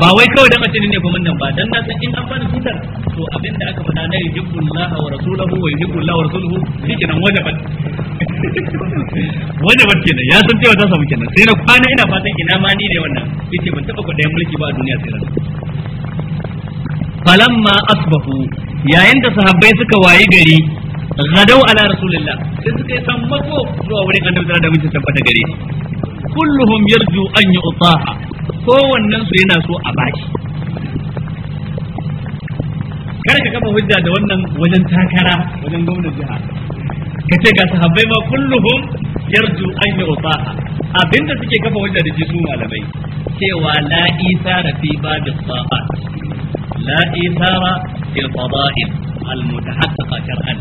Speaker 1: ba wai kawai dan ace ne nan ba dan na san in an bani tutar to abin da aka faɗa na yuhibbullaha wa rasuluhu wa yuhibbullahi wa rasuluhu shikenan wajabat *laughs* wajabat kenan ya san cewa ta samu kenan sai na kwana ina fatan ina ma ni ne wannan yace ban taba kudayen mulki ba a duniya sai ran falamma asbahu yayin da sahabbai suka wayi gari gadau ala rasulillah sai suka yi sammako zuwa wurin annabi da mutum gari gare kulluhum yarju an yu'taha kowannen su yana so a baki. kar ka kafa hujja da wannan wajen takara wajen gwamnan jiha ka ce ga sahabbai ma kulluhum yarju an yi usaha abinda suke kafa hujja da jisu malamai cewa la isara fi babis sa'a la isara fil fada'il al mutahaqqaqa shar'an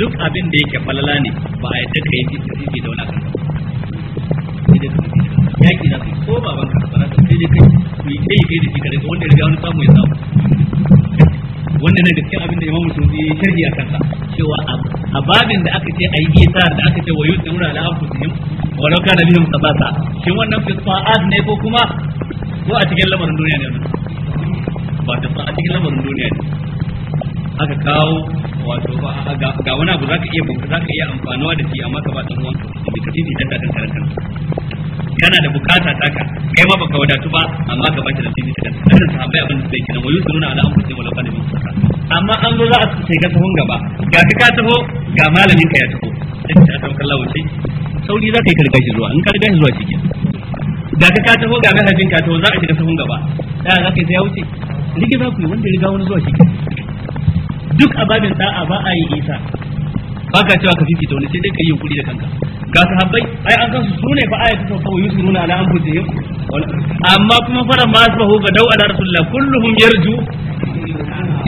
Speaker 1: duk abin da yake falala ne ba a yadda kai titi da wani akan yaki na su ko baban ka ba za kai kai ku yi kai kai da shi kare wanda ya riga wani samu ya samu wannan ne gaskiya abin da Imam Musulmi ya sharhi akan sa cewa a babin da aka ce ayi isar da aka ce wa yusiruna ala anfusihim wa law kana bihim sabata shin wannan fi sa'ad ne ko kuma ko a cikin lamarin duniya ne ba ta a cikin lamarin duniya ne aka kawo wato ga wani abu za ka iya amfanuwa da shi amma ka ba ɗan uwanka bi kadidi dan dan kana da bukata taka kai ma baka wadatu ba amma ka bata da tibi takan wannan sahabbai abin da zai kina wayu suna ala an kuce wala kana amma an zo za a sai ka sahun gaba ga ka taho ga malamin ka ya taho sai ka san kallawo sai sauri za ka yi karga shi zuwa in karga shi zuwa cikin ga ka ka taho ga malamin ka taho za a shiga sahun gaba da za ka yi sai ya wuce rige za ku yi wanda ya riga wani zuwa cikin duk ababin da'a ba a yi isa ba ka cewa ka fifita wani sai dai ka yi yunkuri da kanka ga sahabbai ai an kansu su sune fa ayatu ta sawu yusiruna ala anfusihim amma kuma fara ma bahu ga dau ala rasulullah kulluhum yarju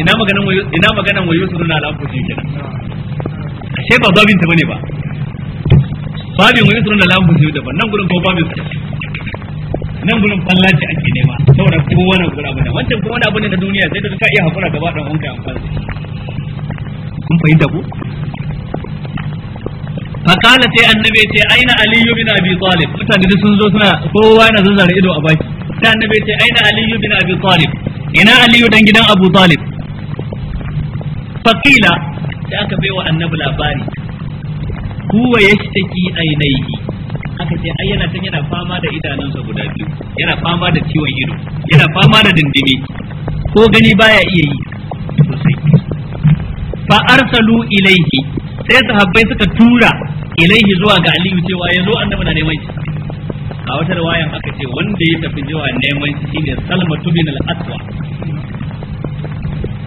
Speaker 1: ina maganan ina maganan wa yusiruna ala anfusihim kenan ashe ba babin ta bane ba babin wa yusiruna ala anfusihim daban nan gurin ko babin nan gurin fallaci ake nema saboda kowa na gurin abu wancan kowa na abu ne na duniya sai da ka iya hakura gaba da wanka amfani kun fahimta ko fakala ce annabi ce aina aliyu bin abi talib mutane da sun zo suna kowa yana zazzare ido a baki sai annabi ce aina aliyu bin abi talib ina aliyu dan gidan abu talib fakila sai aka baiwa annabi labari huwa yashtaki ainihi aka ce ai yana can yana fama da idanunsa guda biyu yana fama da ciwon ido yana fama da dindimi ko gani baya iya yi sosai fa arsalu ilaihi sai sahabbai suka tura ilaihi zuwa ga aliyu cewa ya zo annabi na neman shi a wata riwayan aka ce wanda ya tafi zuwa neman shi shine salma tubin al-aswa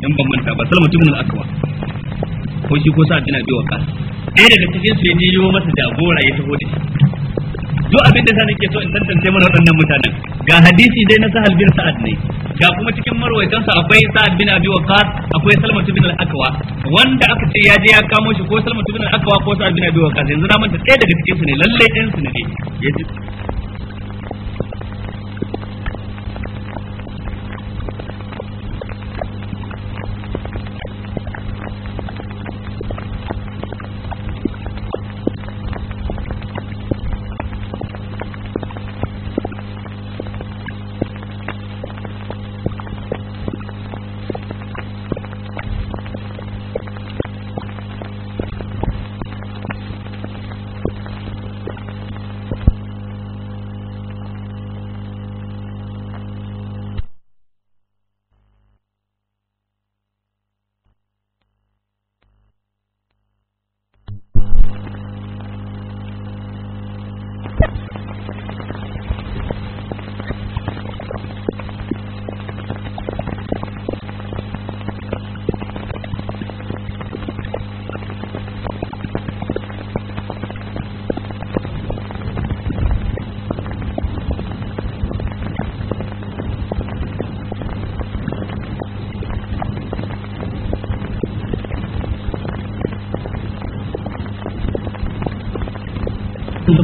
Speaker 1: dan ban manta ba salma tubin al-aswa ko shi ko sa jina biwa ka ɗaya daga cikin su ya je yi masa jagora ya taho da shi duk abin da zan ke so in tantance mana waɗannan mutanen ga hadisi dai na Sahal bin Sa'ad ne ga kuma cikin marwaitan sa akwai Sa'ad bin Abi waqas akwai Salmatu bin Al-Akwa wanda aka ce ya je ya kamo shi ko Salmatu bin Al-Akwa ko Sa'ad bin Abi waqas yanzu na manta ɗaya daga cikin su ne lalle ɗin su ne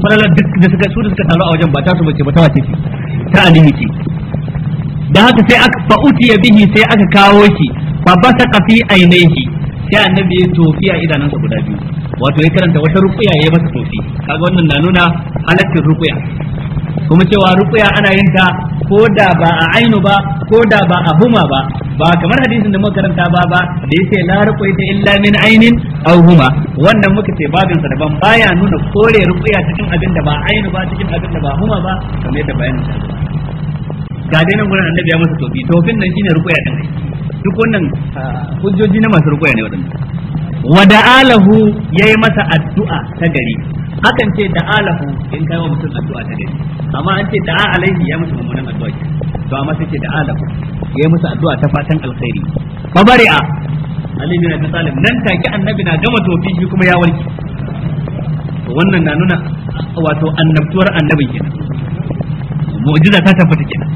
Speaker 1: falala duk da suka su da suka taru a wajen ba ta su bace ba ta wace ce ta alihi ce da haka sai aka fa utiya bihi sai aka kawo shi fa basaka fi ainihi sai annabi ya tofi a idanansa guda biyu wato ya karanta wata ruqya ya masa tofi kaga wannan na nuna halaccin ruqya kuma cewa ruqya ana yin ta ko da ba a ainu ba ko da ba a huma ba ba kamar hadisin da muka karanta ba ba da yace la ruqya illa min ainin aw huma wannan muka ce babin sa daban baya nuna kore ruqya cikin abin da ba ainu ba cikin abin da ba huma ba kamar yadda bayanin ta ga dai nan gurin annabi ya masa tofi tofin nan shine ruqya din duk wannan hujjoji na masu ruqya ne wadannan wa da'alahu yayi masa addu'a ta gari hakan ce da'alahu in kai wa mutum addu'a ta gari amma an ce da'a alaihi ya masa mummunan addu'a to amma sai ce da'alahu yayi masa addu'a ta fatan alkhairi babari'a Ali bin Abi Talib nan take annabi na gama tofi shi kuma ya warke wannan na nuna wato annabtuwar annabi kenan mu'jiza ta tabbata kenan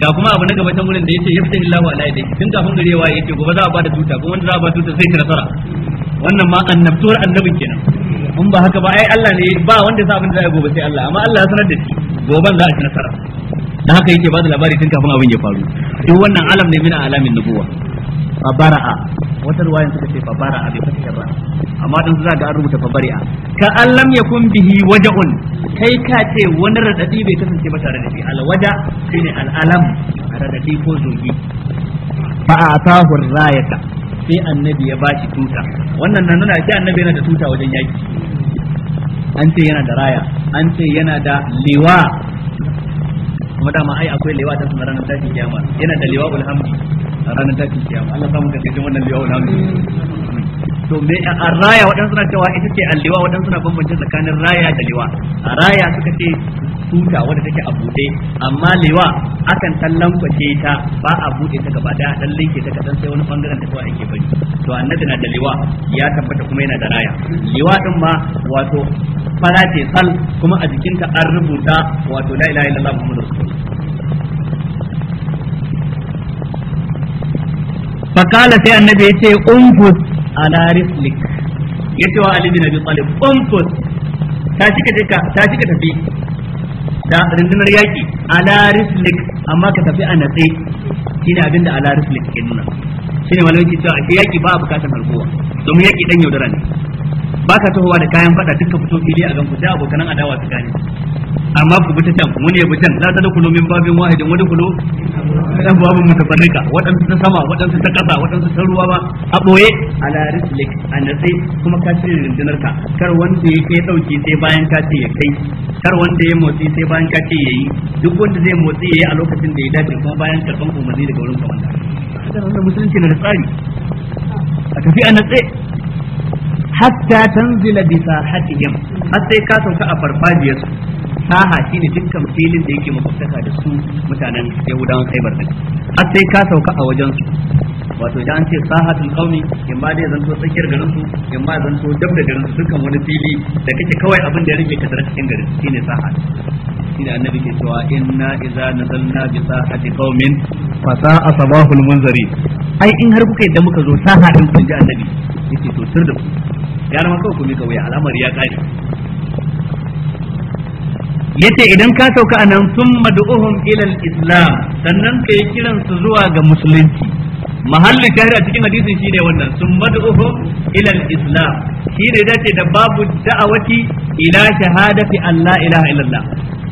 Speaker 1: ga kuma abu na gaba can gurin da yace yafta illahu ala yadi tun kafin gare wa yace gobe za a ba da tuta kuma wanda za a ba tuta sai ki nasara wannan ma annabtuwar annabi kenan in ba haka ba ai Allah ne ba wanda sa abin da ya gobe sai Allah amma Allah ya sanar da shi goben za a ci nasara dan haka yake ba da labari tun kafin abin ya faru duk wannan alam ne min alamin nubuwa fabara'a wata ruwayan suka ce fabara'a bai fata ba amma dan za ga an rubuta fabari'a ka allam ya kun bihi waja'un kai ka ce wani radadi bai kasance ba tare da shi Alwada shine al'alam radadi ko zogi fa atahu rayata sai annabi ya bashi tuta wannan nan nuna shi annabi yana da tuta wajen yaki an ce yana da raya an ce yana da liwa kuma dama ai akwai liwa ta sunan ranar tashin kiyama yana da liwa ulhamdi a ranar tashin kiyama Allah samu kace cikin wannan liwa wannan to me a raya waɗansu na cewa ita ce alliwa waɗansu na bambance tsakanin raya da liwa a raya suka ce tuta wadda take a buɗe amma liwa akan tallan kwace ta ba a buɗe ta gaba ɗaya ɗan linke ta kaɗan sai wani ɓangaren ta kawai ake bari to annabi na da liwa ya tabbata kuma yana da raya liwa ɗin ma wato fara ce sal kuma a jikinta an rubuta wato la ilaha illallah muhammadu rasulullah fakala sai annabi ya ce umfus ala rislik ya ce wa alibi na bi talib umfus ta shi tafi da rundunar yaƙi ala rislik amma ka tafi a natse shi ne abinda ala rislik ke nuna shi ne malamci cewa a yaƙi ba a bukatar harkowa domin yaƙi ɗan yaudara ne ba ka tahowa da kayan faɗa duka fito fili a ganku sai abokanan adawa su gane amma ku bi ta can mun ne bi can la ta dakulu min babin wahidin wa dakulu dan babin mutafarrika wadansu ta sama wadansu ta kasa wadansu ta ruwa ba a boye ala rislik an kuma ka cire rundunar ka kar wanda ya kai dauki sai bayan ka ce ya kai kar wanda ya motsi sai bayan ka ce yayi duk wanda zai motsi yayi a lokacin da ya dace kuma bayan karban umarni daga wurin kamanda hakan wannan musulunci na da tsari a tafi a natse hatta tanzila bi sahatihim har sai ka sauka a farfajiyarsu saha shine dukkan filin da yake makwabtaka da su mutanen yahudawan khaibar din har sai ka sauka a wajen su wato da an ce sahatul qaumi in ma dai zanto tsakiyar garinsu, su in ma zanto dab da garin su dukkan wani fili da kake kawai abin da ya rike kadar cikin garin shine saha shine annabi ke cewa inna idza nazalna bi sahati qaumin fa sa'a sabahul munzari ai in har kuka yadda muka zo saha din kun ji annabi yake to tur da ku ya rama kawai ku mika wuya al'amari ya kare yace idan ka sauka a nan sun mad'uhum ila islam sannan ka yi kiran su zuwa ga musulunci mahalli shahara a cikin hadisin shine wannan sun mad'uhum ila islam shine dace da babu da'awati ila shahadati an la ilaha illallah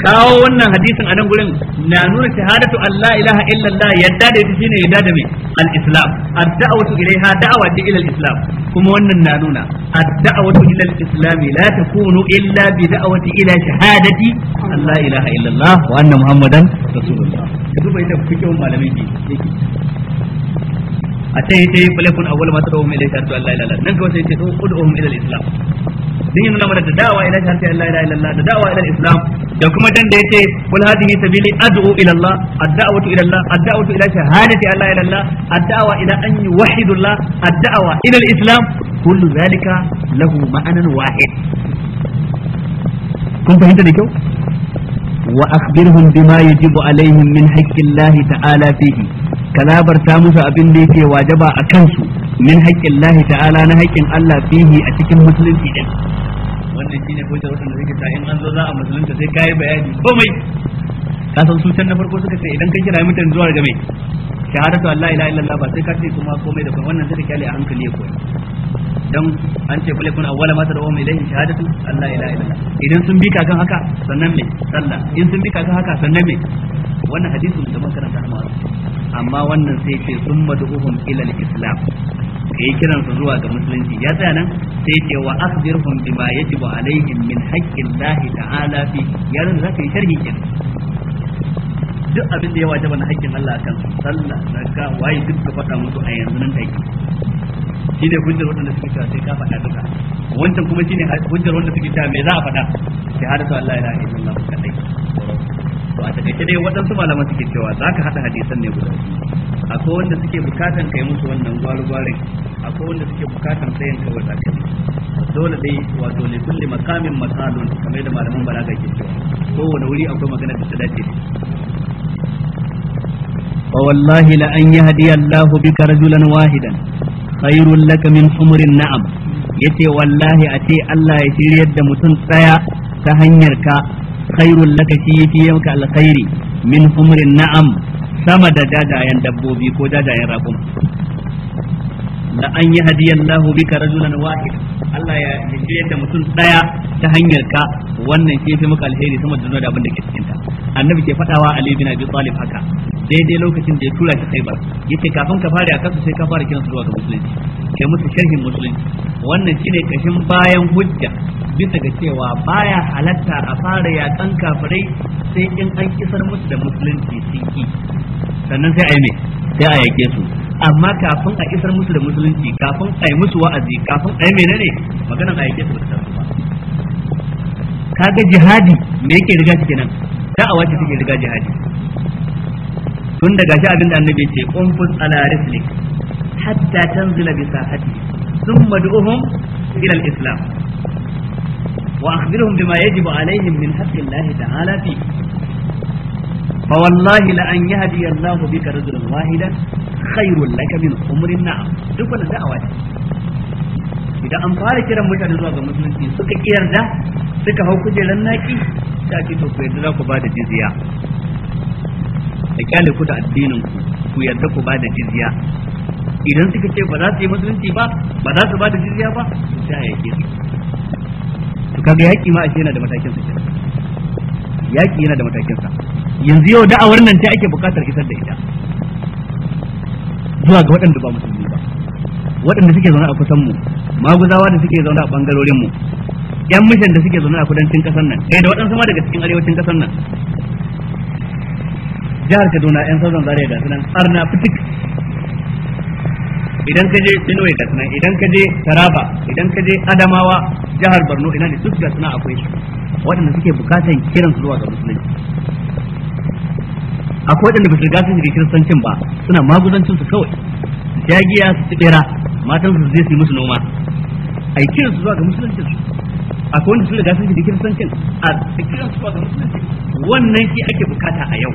Speaker 1: kawo wannan hadisin a nan gurin na nuna shahadatu Allah ilaha illallah yadda da ita shine yadda da mai al-islam ad-da'watu ilaiha da'wa ta ila al-islam kuma wannan na nuna ad-da'watu ila al-islam la takunu illa bi da'wati ila shahadati Allah ilaha illallah wa anna muhammadan rasulullah ka duba ita kuke malamai ke a can yace falakun awwal ma tad'uhum ilayhi shahadatu an la ilaha illallah nan kawai sai yace to ud'uhum islam din yi mana da da'awa ila shahadatu an la da islam da kuma dan da yace kul hadhihi sabili ad'u ila Allah ad ila Allah ila shahadati ila an Allah ila islam kullu dhalika lahu ma'anan wahid kun fahimta da kyau wa akhbirhum bima yajibu alaihim min haqqi Allah ta'ala fihi ka ta musu abin da yake wajaba a kansu min haƙƙin lahi ta'ala na haƙƙin Allah fihi a cikin musulunci din wannan shine zai ta in an zo za a musulunta sai bayani komai ka san su can na farko suka ce idan ka kira mutane zuwa ga mai shahadatu Allah ilaha illallah ba sai ka ce kuma komai da wannan sai kyale a hankali ya koyi dan an ce kullu awwala ma shahadatu Allah ilaha illallah idan sun bi haka sannan me sallah in sun bi haka sannan me wannan hadisin da amma wannan sai ce sun duhum ilal Islam. Ka yi kiran su zuwa ga musulunci ya tsaya nan sai ce wa akhbirhum bima yajibu alaihim min haqqillahi ta'ala fi yaran zaka yi sharhi kenan duk abin da ya wajaba na haƙƙin Allah kan sallah zakka waye duk ka faɗa musu a yanzu nan Shi ne hujjar wanda suke cewa sai ka faɗa duka wancan kuma shi ne hujjar wanda suke cewa me za a faɗa shahadatu Allah ya la ilaha ka kadai to a takaice dai waɗansu malaman suke cewa za ka haɗa hadisan ne guda akwai wanda suke bukatan kai musu wannan gwargwarin akwai wanda suke bukatan tsayin kai wata ka dole dai wato ne kulli makamin masalun kamar da malaman balaga ke cewa kowane wuri akwai magana da ta dace فوالله لأن يهدي الله بك رجلا واحدا خير لك من حمر النعم yace wallahi a ce Allah ya shiryar da mutum tsaya ta hanyar ka khairul laka shi fi yamka alkhairi min humrin na'am sama da jajayen dabbobi ko jajayen rakun da an yi hadiyar lahu bika rajulan wahid Allah ya shirya da mutum ɗaya ta hanyar ka wannan shi fi maka alheri sama da duniya da abin ke cikin ta annabi ke faɗawa ali bin haka daidai lokacin da ya tura sai ba yace kafin ka fara akan sai ka fara kiran su zuwa ga musulunci kai musu sharhin musulunci wannan shine kashin bayan hujja bisa ga cewa baya halatta a fara ya kan kafirai sai in an kisar musu da musulunci sun ki sannan sai a yi sai a yake su amma kafin a kisar musu da musulunci kafin a yi musu wa'azi kafin a yi ne maganar a yake su ba kaga jihadi me yake riga cikin nan, da'awa ce take riga jihadi tun daga shi abin da annabi ce qunfus ala rislik hatta tanzila bi sahati thumma du'uhum ila al-islam wa akhbirhum bima yajibu alaihim min haqqi Allah ta'ala fi فوالله لأن يهدي الله بك رجلا واحدا خير لك من عمر النعم duk wannan da'awa ce idan an fara kiran mutane zuwa ga musulunci suka kiyarda suka hau kujeran naki ta ce to ku yarda za ku ba da jizya Da kyale ku da addinin ku ku yarda ku ba da jizya idan suka ce ba za su yi musulunci ba ba za su ba da jizya ba sai a yake su to kaga yaki ma ashe yana da matakin sa yaki yana da matakin sa yanzu yau da'awar nan ta ake bukatar isar da ita zuwa ga waɗanda ba musulmi ba waɗanda suke zaune a kusan mu maguzawa da suke zaune a bangarorin mu yan mishan da suke zaune a kudancin kasar nan kai da waɗansu ma daga cikin arewacin kasar nan jihar kaduna yan sauran zaria ga sunan arna fitik idan ka je benue ga sunan idan ka je taraba idan ka je adamawa jihar borno ina ne duk ga sunan akwai waɗanda suke bukatan kiran su zuwa ga musulunci akwai waɗanda ba su riga kiristancin ba suna maguzancin su kawai jagiya su tsibira matan su zai su yi musu noma a yi kiran su zuwa ga musulunci su akwai wanda sun riga sun shiga a tsakiyar su ga musulunci wannan shi ake bukata a yau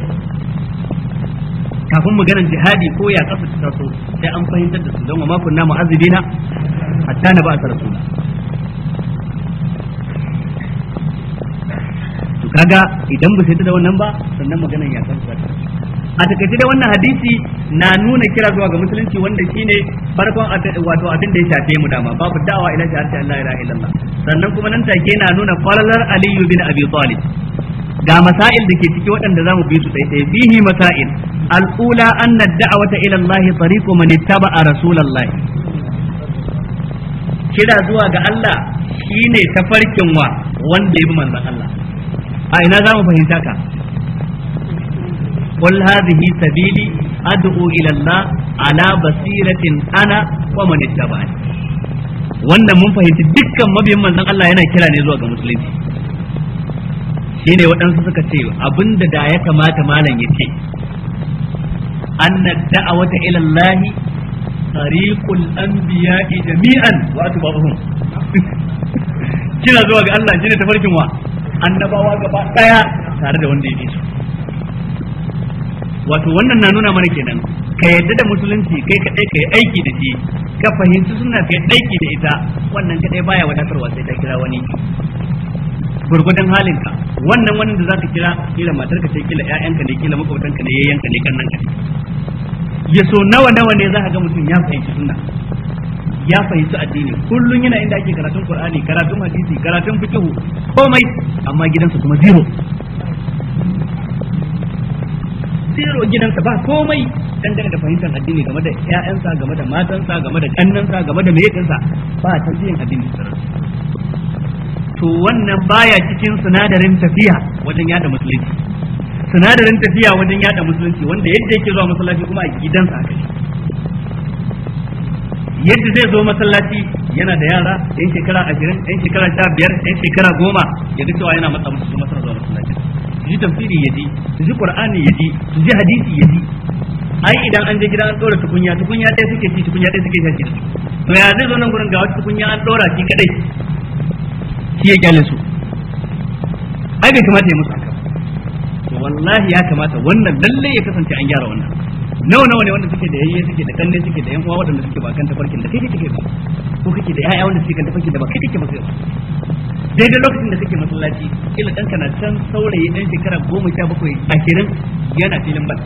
Speaker 1: kafin maganar jihadi ko ya kasa ta taso sai an fahimtar da su don wa makon namu azubina a na ba a tarasu to kaga idan ba sai ta da wannan ba sannan maganar ya kasa ta a takaice da wannan hadisi na nuna kira zuwa ga musulunci wanda ne farkon wato abin da ya shafe mu dama babu da'awa ila harshe, Allah ilaha illallah sannan kuma nan take na nuna falalar Aliyu bin Abi Talib ga masail da ke ciki waɗanda za mu bi su ɗaya ɗaya bihi masail al'ula anna da'awata ila Allah tariqu man ittaba'a rasulullah kira zuwa ga Allah shine tafarkin wa wanda ya bi manzon Allah a ina za mu fahimta ka qul hadhihi sabili ad'u ila Allah ala basiratin ana wa man ittaba'ani wannan mun fahimci dukkan mabiyan manzon Allah yana kira ne zuwa ga musulunci shine waɗansu suka ce abinda da ya kamata malam ya ce أن الدعوة إلى الله طريق الأنبياء جميعا وأتباعهم kina zuwa ga Allah shine tafarkin wa annabawa gaba daya tare da wanda ya yake su wato wannan na nuna mana kenan ka yadda da musulunci kai ka yi aiki da shi ka fahimci suna kai aiki da ita wannan kadai baya wadatarwa sai ta kira wani gurgudan halinka wannan wannan da zaka kira kila matarka sai kila ƴaƴanka ne kila makwabtanka ne yayyanka ne kannan ka ya so nawa nawa ne zaka ga mutum ya fahimci sunna ya fahimci addini kullun yana inda ake karatun qur'ani karatun hadisi karatun fiqh komai amma gidansa kuma zero zero gidansa ba komai dangane da fahimtar addini game da ƴaƴansa game da matansa game da ƙannansa game da meyetinsa ba tarbiyyar addini to wannan baya cikin sinadarin tafiya wajen yada musulunci sinadarin tafiya wajen yada musulunci wanda yadda yake zuwa masallaci kuma a gidansa haka yadda zai zo masallaci yana da yara yan shekara ashirin yan shekara sha biyar yan shekara goma ya ga cewa yana matsa musu zuwa masallaci su ji tafsiri ya ji su ji qur'ani ya ji su ji hadisi ya ji ai idan an je gida an dora tukunya tukunya ɗaya suke ci tukunya ɗaya suke shaki to ya zai zo nan gurin ga wata tukunya an dora shi kadai shi ya kyale su ai bai kamata ya musu haka wallahi ya kamata wannan lalle ya kasance an gyara wannan nawa nawa ne wanda suke da yayye suke da kanne suke da yan uwa wanda suke ba kan tafarkin da kai kake ba ko kake da yaya wanda suke kan tafarkin da ba kai kake ba daidai lokacin da kake masallaci kila ɗanka na can saurayi ɗan shekara goma sha bakwai ashirin yana filin bas.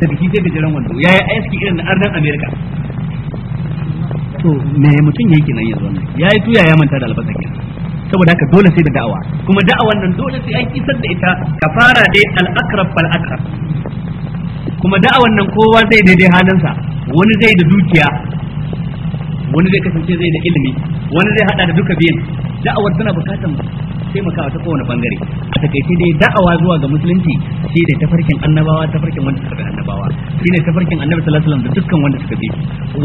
Speaker 1: da biki sai gajeren wando ya yi aiki irin na arnan amerika to me mutum yake nan yanzu wannan ya yi tuya ya manta da albasa kenan saboda haka dole sai da da'awa kuma da'awan nan dole sai an isar da ita ka fara dai al-aqrab fal akrab kuma da'awan nan kowa zai daidai halinsa wani zai da dukiya wani zai kasance zai da ilimi wani zai hada da duka biyan da'awar tana bukatan taimakawa ta kowane bangare a takaice dai da'awa zuwa ga musulunci shi ne tafarkin annabawa tafarkin wanda suka bi annabawa shi ne tafarkin annabi sallallahu alaihi wasallam da dukkan wanda suka bi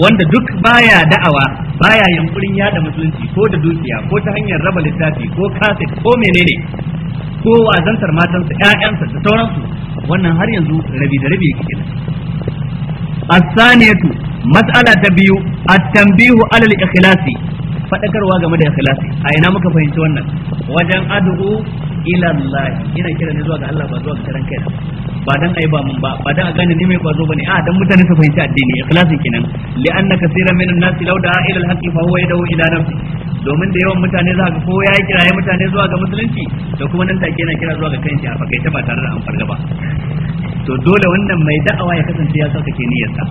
Speaker 1: wanda duk baya da'awa baya yankurin yada musulunci ko da dukiya ko ta hanyar raba littafi ko kaset ko menene ko wazantar matansa ƴaƴansa da sauransu wannan har yanzu rabi da rabi yake kenan الثانية مسألة تبيو التنبيه على الإخلاص faɗakarwa game da ikhlasi a ina muka fahimci wannan wajen ad'u ila ina kira ne zuwa ga Allah ba zuwa ga karan ba dan ai ba ba ba dan a gane ni mai kwazo bane a dan mutane su fahimci addini ikhlasi kenan li'anna kaseeran minan nasi law da'a ila domin da yawan mutane za ka koya ya kira ya mutane zuwa ga musulunci da kuma nan take yana kira zuwa ga kanshi a fakaice ba tare da an farga ba to dole wannan mai da'awa ya kasance ya sauka ke niyyarsa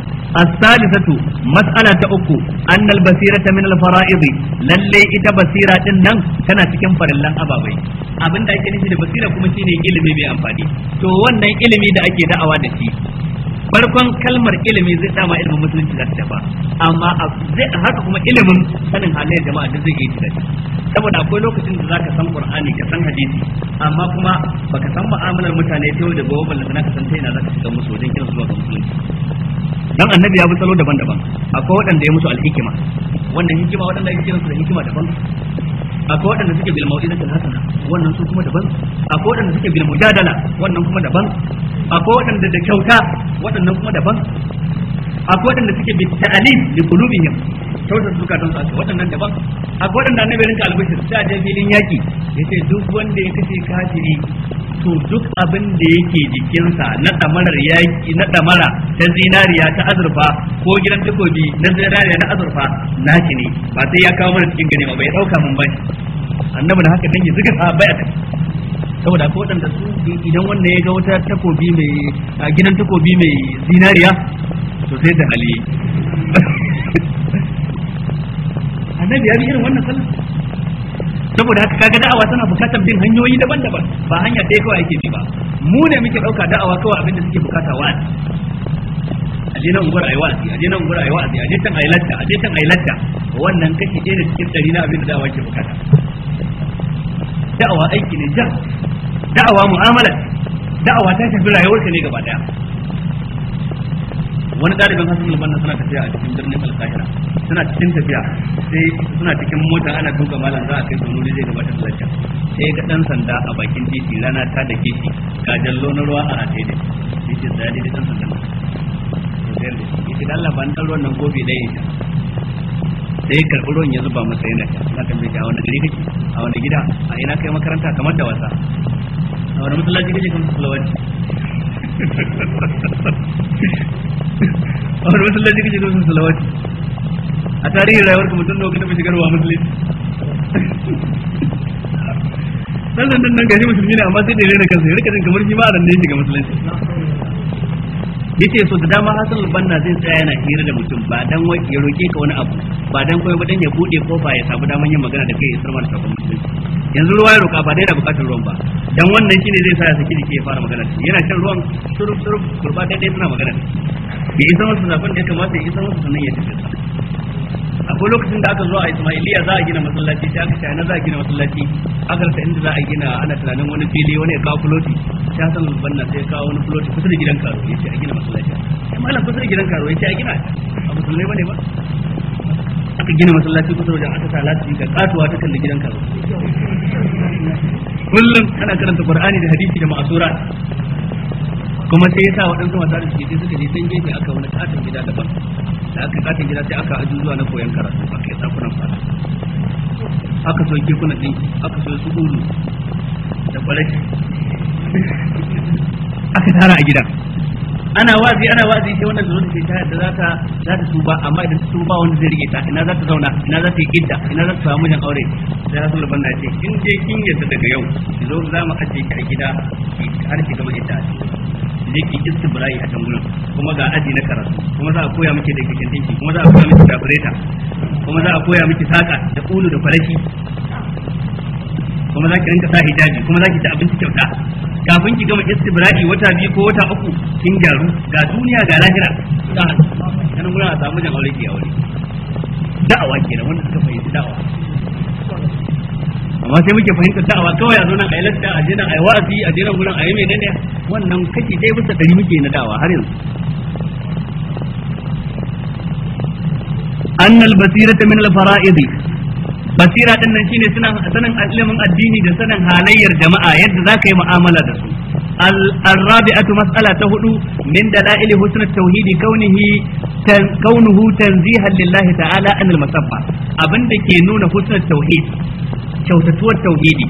Speaker 1: as-salisatu mas'ala ta uku annal basirata min al-fara'id lalle ita basira din nan tana cikin farillan ababai abinda ake nufi da basira kuma shine ilimi mai amfani to wannan ilimi da ake da'awa da shi farkon kalmar ilimi zai dama ilimin musulunci za su tafa amma haka kuma ilimin sanin halayen jama'a da zai iya shiga saboda akwai lokacin da zaka san qur'ani ka san hadisi amma kuma baka san mu'amalar mutane ta yau da gobe balle ka san ta za zaka shiga musu wajen kiran zuwa ga musulunci dan annabi ya bi salo daban-daban akwai waɗanda ya musu alhikima wannan hikima waɗanda ya kiransu da hikima daban akwai waɗanda suke bil mau'izatil hasana wannan su kuma daban akwai waɗanda suke bil mujadala wannan kuma daban akwai waɗanda da kyauta waɗannan kuma daban akwai waɗanda suke bi ta'alim li qulubihim tausa suka don su waɗannan daban akwai waɗanda annabi rinka albashir sai a je filin yaki yace duk wanda ya kace kafiri to duk abin da yake jikinsa na damarar yaki na damara ta zinariya ta azurfa ko gidan takobi na zinariya na azurfa naki ne ba sai ya kawo mana cikin gani ba bai dauka mun bane annabi da haka dangi zuga bai a kai saboda akwai waɗanda su idan wanda ya ga wata takobi mai gidan takobi mai zinariya to sai da hali annabi ya bi irin wannan sallah saboda haka kaga da'awa tana bukatar bin hanyoyi daban-daban ba hanya ɗaya kawai ake bi ba mu ne muke ɗauka da'awa kawai abin da suke bukata wa'azi aje nan gura ayi wa'azi aje nan gura ayi wa'azi aje tan ayi latta aje tan ayi latta wannan kake ɗaya da cikin ɗari na abin da da'awa ke bukata da'awa aiki ne jan, da'awa mu'amala da'awa ta shafi rayuwarka ne gaba daya wani ɗalibin hasan labanna suna tafiya a cikin birnin alkahira suna cikin tafiya sai suna cikin mota ana duka malam za a kai su nuri zai gabatar da lafiya sai ga ɗan sanda a bakin titi rana ta da kishi ga jallo na ruwa a rataye da yake tsaya da ɗan sanda ya ce Allah ban ɗan nan gobe ɗaya ya sai karɓi ruwan ya zuba masa yana na kan bai a wani gari kake a wani gida a ina kai makaranta kamar da wasa a wani masallaci kake kamar salawati a *laughs* wani masallaci kake zo salawati a tarihin rayuwar ka mutum nawa ka taɓa shigarwa musulunci *laughs* dan nan nan musulmi ne amma sai da rena kansa ya rika jin kamar shi ma a ne musulunci yace so da dama hasan banna zai tsaya yana hira da mutum ba dan wai ya roke ka wani abu ba dan kai ba dan ya bude kofa ya samu daman yin magana da kai ya sarma da sabon musulunci yanzu ruwa ya roka ba dai da bukatar ruwan ba dan wannan shine zai sa ya saki jiki ya fara magana yana kan ruwan suruf suruf kurba dai dai suna magana ya isa musu zafin da kamata ya isa musu sannan ya tafi akwai lokacin da aka zo a Ismailiya za a gina masallaci sai aka shayana za a gina masallaci aka rasa inda za a gina ana tunanin wani fili wani ya kawo fuloti sai Hassan Banna sai kawo wani fuloti kusa da gidan karo ce a gina masallaci sai malam kusa da gidan karo ce a gina a musulmai bane ba aka gina masallaci kusa wajen aka sa lati ga katuwa ta kan da gidan karo kullum ana karanta Qur'ani da hadisi da ma'asura kuma sai ya sa waɗansu masu arziki sai suka je can gefe aka wani katin gida daban da aka katin gida sai aka zuwa na koyon karatu aka yi tsakunan fata aka so kuna ɗinki aka so su ulu da kwalaki aka tara a gida ana wazi ana wazi sai wannan zuwa ce ta yadda za ta za ta tuba amma idan ta tuba wanda zai rike ta ina za ta zauna ina za ta yi idda ina za ta samu mijin aure sai rasul banna ce in je kin yadda daga yau ki zo za mu ajiye ki a gida har ki gama idda je ki istibra'i a can gurin kuma ga aji na karatu kuma za a koya miki da kicin dinki kuma za a koya miki vibrator kuma za a koya miki saka da kulu da farashi kuma za ki rinka sa hijabi kuma za ki ci abinci kyauta kafin ki gama istibra'i wata biyu ko wata uku kin gyaru ga duniya ga lahira sanan mun a samu jan aure ki aure da'awa kenan wanda suka fahimci da'awa amma sai muke fahimtar da'awa kawai a zo nan a yi a jinan ayi yi wa'azi a jinan gurin a yi menene wannan kake dai bisa ɗari muke na da'awa har yanzu annal basirata min al basira din nan shine sanin sanin ilimin addini da sanin halayyar jama'a yadda za ka yi mu'amala da su الرابعة مسألة هدو من دلائل حسن التوحيد كونه تن كونه تنزيها لله تعالى عن المسبة أبن ke nuna حسن التوحيد tauhidi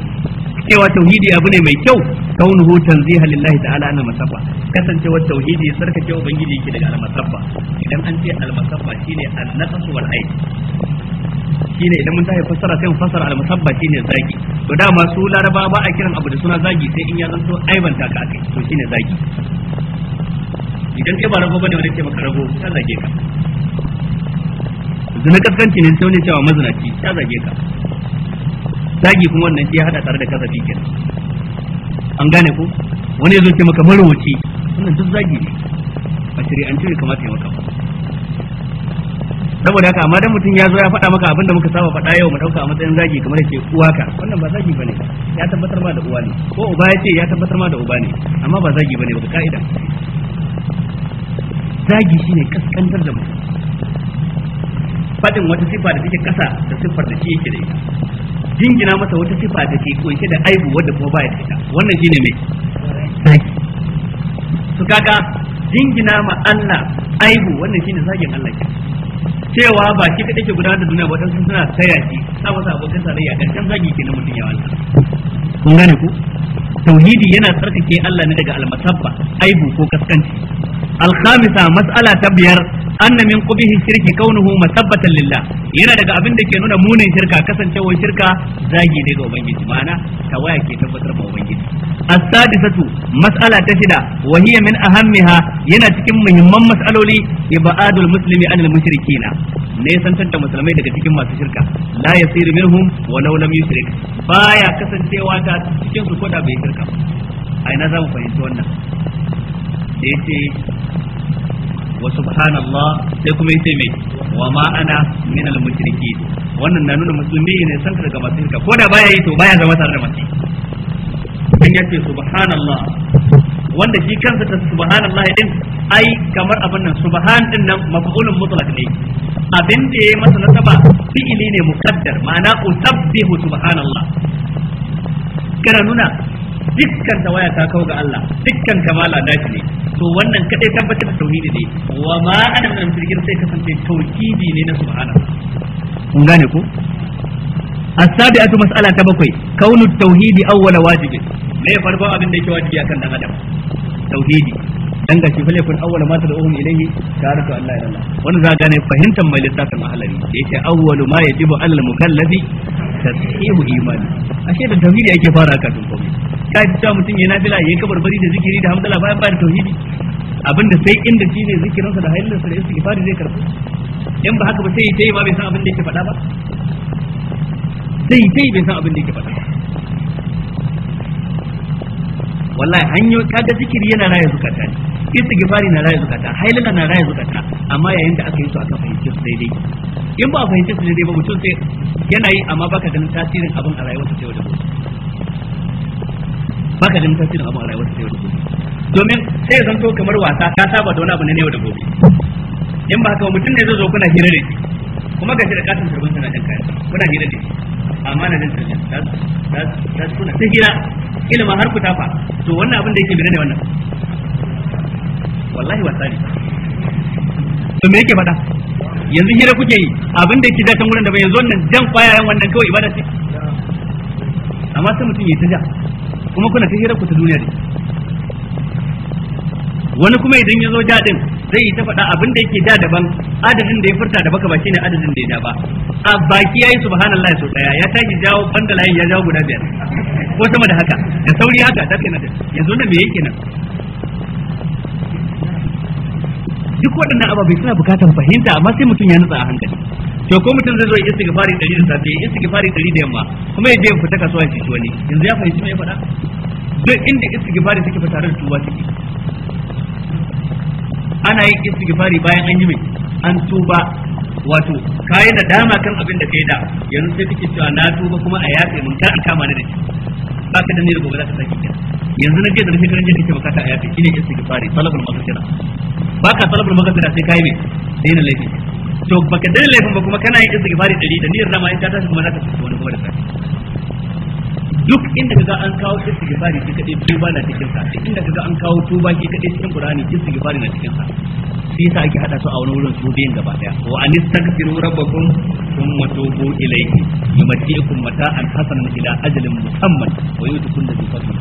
Speaker 1: cewa tauhidi abu ne mai kyau Kaunu hutan zai lillahi ta'ala na masabba kasancewar tauhidi ce ubangiji yake daga almasabba idan an ce almasabba shine annaqas wal aib shine idan mun tafi fassara sai mun fassara almasabba shine zagi to dama su laraba ba a kiran abu da suna zagi sai in ya zanto aibanta ka akai to shine zagi idan kai ba rago bane wani ce maka rago ta zage ka zina kaskanci ne sai wani cewa mazinaci ta zage ka zagi kuma wannan shi ya hada tare da kasafi kenan an gane ko wani ya zo ce maka marwaci wannan duk zagi ne a shari'ance bai kamata ya maka saboda haka amma dan mutum ya zo ya faɗa maka abinda muka saba faɗa yau mu ɗauka a matsayin zagi kamar yace uwa ka wannan ba zagi bane ya tabbatar ma da uwa ne ko uba ya ce ya tabbatar ma da uba ne amma ba zagi bane ba ka'ida zagi shine kaskantar da mutum fadin wata sifa da take kasa da siffar da shi yake da ita jingina masa wata sifa da ke kunshe da aibu wadda kuma baya da ita wannan shine mai su to kaga jingina ma Allah aibu wannan shine zagin Allah ke cewa ba shi kadai ke gudanar da duniya ba dan suna taya shi sa masa abokan tarayya dan zagi kenan mutun ya Allah kun gane ku tauhidi yana tsarkake Allah ne daga almasabba aibu ko kaskanci alkhamisa mas'ala ta biyar anna min qubihi shirki kaunuhu masabbatan lillah yana daga abin da ke nuna munin shirka kasancewar shirka zagi ne ga ubangiji ma'ana tawaya ke tabbatar ba ubangiji as-sadisatu mas'ala ta shida wa hiya min ahammiha yana cikin muhimman mas'aloli ibadul muslimi al mushrikina ne san da musulmai daga cikin masu shirka la yasiru minhum walau lam yushrik baya kasancewa ta cikin su koda bai shirka a ina za mu fahimci wannan da yace wa subhanallah sai kuma yace me wa ma ana min al mushrikin wannan na nuna musulmi ne san daga masu shirka ko da baya yi to baya zama tare da mace dan yace subhanallah wanda shi kansa ta subhanallah din ai kamar abin nan subhan din nan maf'ulun mutlaq ne abin da yayi masa nasaba fi'ili ne muqaddar ma'ana usabbihu subhanallah kana nuna dukkan tawaya ta kawo ga Allah dukkan kamala da ne to wannan kadai tabbatar da tauhidi ne wa ma ana da sai kasance tauhidi ne na subhana kun gane ko asabi atu mas'ala ta bakwai kaunu tauhidi awwala wajibi me farko abin da yake wajibi akan dan adam tauhidi dan gashi fa laifin awwal ma tad'uhum ilayhi shahadatu an la ilaha illallah wannan za gane fahimtar mai lissafin ahlari yace awwalu ma yajibu alal mukallafi tashihu imani ashe da tauhidi yake fara ka tun komai ka ta mutun yana bila yayi kabarbari da zikiri da hamdala bayan bayan tauhidi abinda sai inda shi ne sa da sa da istighfari zai karbu in ba haka ba sai yayi yi ma bai san abin da yake faɗa ba sai ya yi bai san abin da yake faɗa ba wallahi hanyoyi kaga zikiri yana raya zukata ne istighfari na raya zukata hailala na raya zukata amma yayin da aka yi su aka fahimci su daidai in ba fahimci su daidai ba mutum sai yana yi amma baka ganin tasirin abin a rayuwarsa ta yau da gobe baka ganin tasirin abin a rayuwarsa ta yau da gobe domin sai zan to kamar wasa ka saba da wani abu na yau da gobe in ba haka mutum ne zai zo kuna hira da kuma ga shi da katin turbin sana jin kuna hira da amma na nan sarjan za su kuna ta hira ilimin har ku tafa to wannan abin da yake bine da wannan wallahi wasa ne to me yake faɗa yanzu hira kuke yi abin da yake da can wurin da bai yanzu wannan jan kwayayen wannan kawai ibada ce amma sai mutum ya ta ja kuma kuna ta hira ku ta duniya ne wani kuma idan ya zo ja zai yi ta faɗa abin da yake da daban adadin da ya furta da baka ba shine adadin da ya da ba a baki yayi subhanallahi so daya ya tashi jawo banda ya jawo guda biyar ko sama da haka da sauri haka da kenan yanzu da me yake nan duk waɗannan ababai suna bukatar fahimta amma sai mutum ya nutsa a hankali to ko mutum zai zo ya istighfari 100 da safe ya istighfari 100 da yamma kuma ya je fita kasuwa ya ci wani yanzu ya fahimci me ya faɗa duk inda istighfari take fitar da tuba take ana yin istighfari bayan an yi mai an tuba wato kayan da dama kan abin da kai da yanzu sai kike cewa na tuba kuma a yafe mun kar a kama ni da shi ba ka da ni da gobe za ka saki kira yanzu na je da shekarun je kike bukata a yafe shine istighfari talabul maghfira ba ka talabul maghfira sai kai mai sai na laifi to baka da laifin ba kuma kana yin istighfari dari da niyyar dama in ka tashi kuma za ka tafi wani kuma da kai duk inda kaga an kawo istighfari ki kadai tuba na cikin sa duk inda kaga an kawo tuba ki kadai cikin qur'ani istighfari na cikin sa sai yasa ake hada su a wani wurin su biyan gaba daya wa anistaghfiru rabbakum thumma tubu ilayhi yumatiikum mata'an hasanan ila ajalin musamman wa yutu kullu fadlin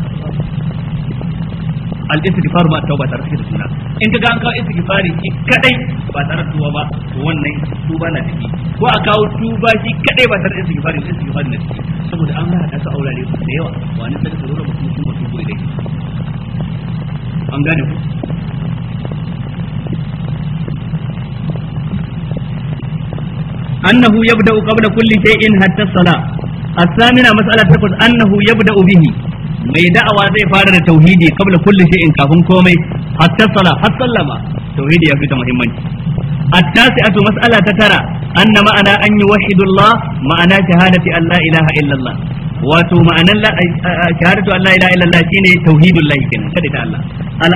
Speaker 1: al-istighfar ba tauba tare da suna in ga an kawo istighfar shi kadai ba tare da tuwa ba to wannan tuba na ciki ko a kawo tuba ki kadai ba tare da istighfar shi istighfar na ciki saboda an hada su aurare da yawa wani sai da rura mutum shi tuba goyi dai an gane ku annahu yabda'u qabla kulli shay'in hatta salat الثامنة مسألة تقول أنه يبدأ به mai da'awa zai fara da tauhidi kabla kulli shay'in kafin komai hatta sala hatta sallama tauhidi yafi da muhimmanci attasi atu mas'ala ta tara anna ma'ana an yuwahidullah ma'ana shahadati an la ilaha illallah wato ma'anan shahadatu allah, la ilaha illallah shine tauhidul lahi kenan kada ta Allah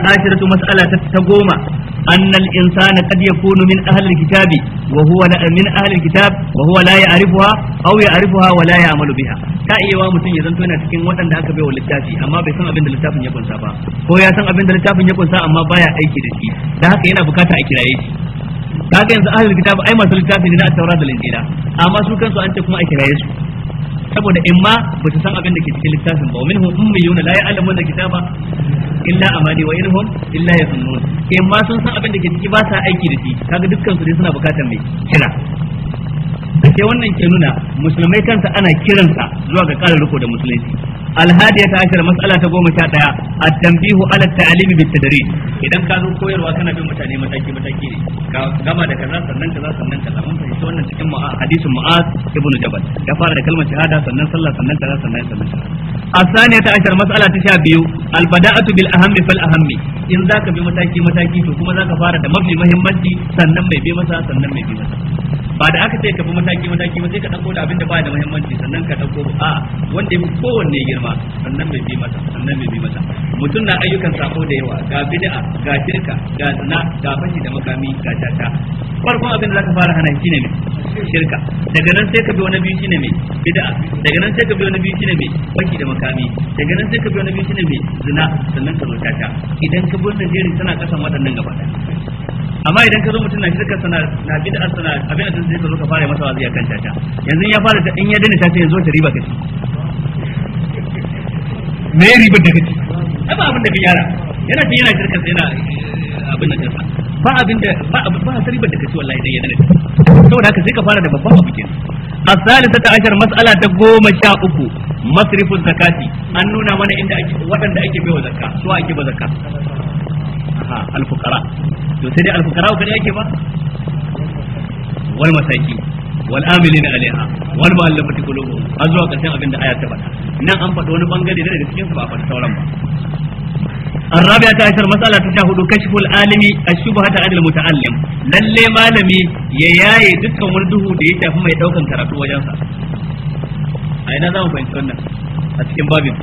Speaker 1: al-ashiratu mas'ala ta goma anna al-insana qad yakunu min ahli al-kitabi wa huwa la min ahli al-kitab wa huwa la ya'rifuha aw ya'rifuha wa la ya'malu biha ta iya wa mutum ya zanto yana cikin waɗanda aka bai wa littafi amma bai san abin da littafin ya kunsa ba ko ya san abin da littafin ya kunsa amma baya aiki da shi dan haka yana bukata a kiraye shi kaga yanzu ahlul kitab ai masu littafi ne na taurat da injila amma su kansu an ce kuma a kiraye su saboda in ma ba su san abin da ke cikin littafin ba min hum ummiyun la ya'lamun kitaba illa amani wa inhum illa yazunnun in ma sun san abin da ke ciki ba sa aiki da shi kaga dukkan su dai suna bukatar mai kira ke wannan ke nuna musulmai kansa ana kiransa zuwa ga ƙara riko da musulunci alhadiya ta Ashirar mas'ala ta goma sha ɗaya a tambihu ala ta'alimi bi tadari idan ka zo koyarwa kana bin mutane mataki mataki ne ka gama da kaza sannan kaza sannan kaza mun fahimci wannan cikin hadisin mu'az ibnu jabal ya fara da kalmar shahada sannan sallah sannan kaza sannan sannan الثانية عشر مسألة تشابه البداءة بالأهم فالأهم إن ذاك بمتاكي متاكي تو كما ذاك فارد مبلي مهمتي sannan mai bi masa sannan mai bi masa ba da aka ce ka bi mataki mataki ba sai ka dauko da abin da ba da muhimmanci sannan ka dauko a wanda yake kowanne girma sannan bai bi masa sannan bai bi masa mutum na ayyukan sako da yawa ga bid'a ga shirka ga zina ga fashi da makami ga tata farkon abin da zaka fara hana shi ne shirka daga nan sai ka bi wani biyu ne mai bid'a daga nan sai ka bi wani biyu ne mai, fashi da makami daga nan sai ka bi wani biyu ne mai, zina sannan ka zo tata idan ka bi wannan jerin tana kasan waɗannan gaba amma idan ka zo mutum na shirka sana na bid'a sana abin da sai ka zo ka fara masa wazi kan caca yanzu ya fara in ya dana caca yanzu ta riba ka ci me riba da ci. ai ba abin da yara yana ci yana shirka sai na eh, abin da ba abin da ba ba ta riba da kaci wallahi dai ya dana saboda haka sai ka fara da babban abu kenan ta'ashar mas'ala ta goma sha uku. masrifu zakati an nuna mana inda ake waɗanda ake baiwa zakka su ake ba zakka ha, alfuqara to sai dai alfuqara ko ne ake ba Wani masaki wal amilina alaiha wal mu'allafati qulubuhum har zuwa karshen abin da aya ta faɗa nan an faɗa wani bangare daga cikin su ba faɗa sauran ba الرابعة عشر مسألة تشاهد كشف العالم الشبهة عن المتعلم للي مالمي يياي دكا ولده ديتا هم يدوكا A وجنسا أين ذا وبين سنة أتكين بابين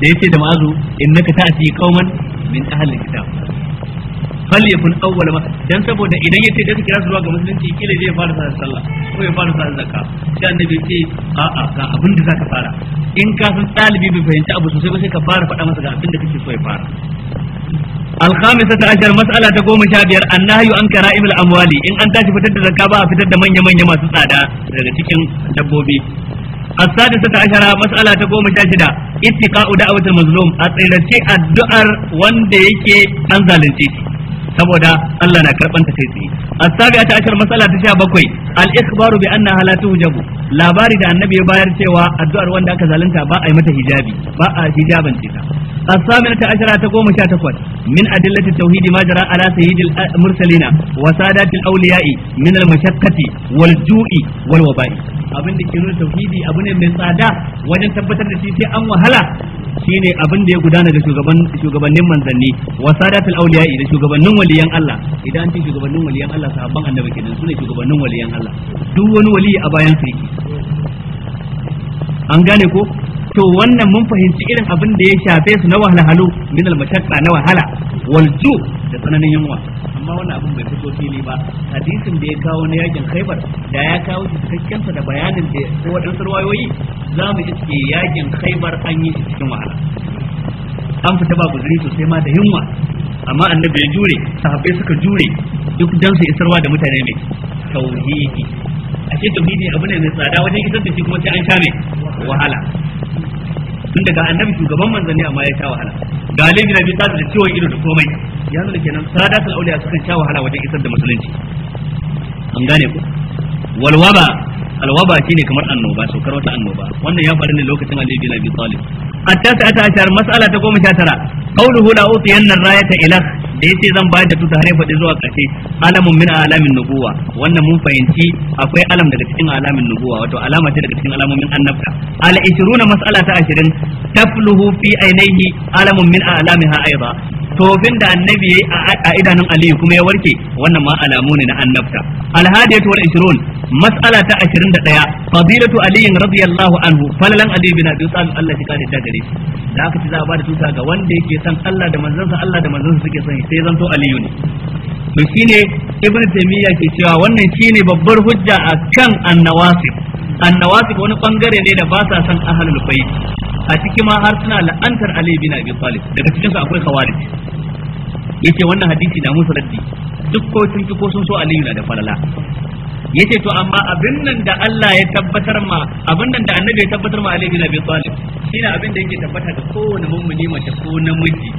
Speaker 1: da ce da ma'azu innaka ta'ti qauman min ahli kitab falyakun awwal ma dan saboda idan yace da kira zuwa ga musulunci kila zai fara sa sallah ko ya fara sa zakka sai annabi ce a a ka abin da zaka fara in ka san talibi bai fahimci abu sosai ba sai ka fara faɗa masa ga abin da kake so ya fara الخامسة عشر مسألة تقوم شابير النهي عن كرائم الأموال إن أنت فتت زكاة فتت من يمن يما تسادا لكن دبوبي السادسة عشر مسألة تقوم شاشدة اتقاء دعوة المظلوم أطلسي الدعر وان ديكي أنزل saboda Allah na karban ta kai tsaye as-sabi'a ta ashar mas'ala ta sha bakwai al-ikhbaru bi anna halatu jabu labari da annabi ya bayar cewa addu'ar wanda aka zalunta ba a yi mata hijabi ba a hijaban ce ta as-sabi'a ta ashara ta goma sha takwas min adillati tauhid ma jara ala sayyidil eh, mursalina wa sadatil awliya'i min al-mashaqqati wal ju'i wal waba'i abin da ke nuna tauhidi abu ne mai tsada wajen tabbatar da shi sai an wahala shine abin da ya gudana da shugaban shugabannin manzanni wa sadatul awliya'i da shugabannin waliyan Allah idan an ce shugabannin waliyan Allah sahabban annabi kenan sune shugabannin waliyan Allah duk wani wali a bayan sa yake an gane ko to wannan mun fahimci irin abin da ya shafe su na wahalhalu min al-mashaqqa na wahala wal ju da tsananin yunwa amma wannan abin bai fito fili ba hadisin da ya kawo na yakin Khaibar da ya kawo shi cikakken sa da bayanin da ko wadansu ruwayoyi zamu mu iske yakin Khaibar an yi cikin wahala an fita ba guzuri sosai ma da yunwa amma annabi ya jure sahabbai suka jure duk dan su isarwa da mutane mai tauhidi ashe tauhidi abu ne mai tsada wajen isar da shi kuma sai an sha mai wahala tun daga annabi shugaban manzanni amma ya sha wahala ga na bin Abi da ciwon ido da komai ya nuna kenan sadatul auliya sukan sha wahala wajen isar da musulunci an gane ku walwaba alwaba shine kamar annoba saukar wata annoba wannan ya faru ne lokacin Ali bin Abi Talib hatta ta ta shar mas'ala ta 19 qawluhu la utiyanna rayata ila da yace zan bayar da tuta hare fadi zuwa karshe alamun min alamin nubuwa wannan mun fahimci akwai alam daga cikin alamin nubuwa wato alama ce daga cikin alamomin annabta al 20 mas'ala ta 20 tafluhu fi ainihi alamun min alamiha aiba tofin da annabi yayi a idanun aliyu kuma ya warke wannan ma alamu ne na annabta alhadiyatu wal 20 mas'ala ta 21 fadilatu ali radiyallahu anhu falalan ali bin abi talib Allah ya kare ta gare shi da aka ci za a bada tuta ga wanda yake san Allah da manzansa Allah da manzansa suke son sai zanto aliyu ne to shine ibnu taymiya ke cewa wannan shine babbar hujja akan annawasi annawasi wani bangare ne da ba sa son ahlul bait a cikin ma har suna la'antar Ali bin Abi Talib daga cikin su akwai khawarij yace wannan hadisi na musu raddi duk ko sun ko sun so Ali na da falala yace to amma abin nan da Allah ya tabbatar ma abin nan da Annabi ya tabbatar ma Ali bin Abi Talib shine abin da yake tabbata da kowane mummuni mace ko namiji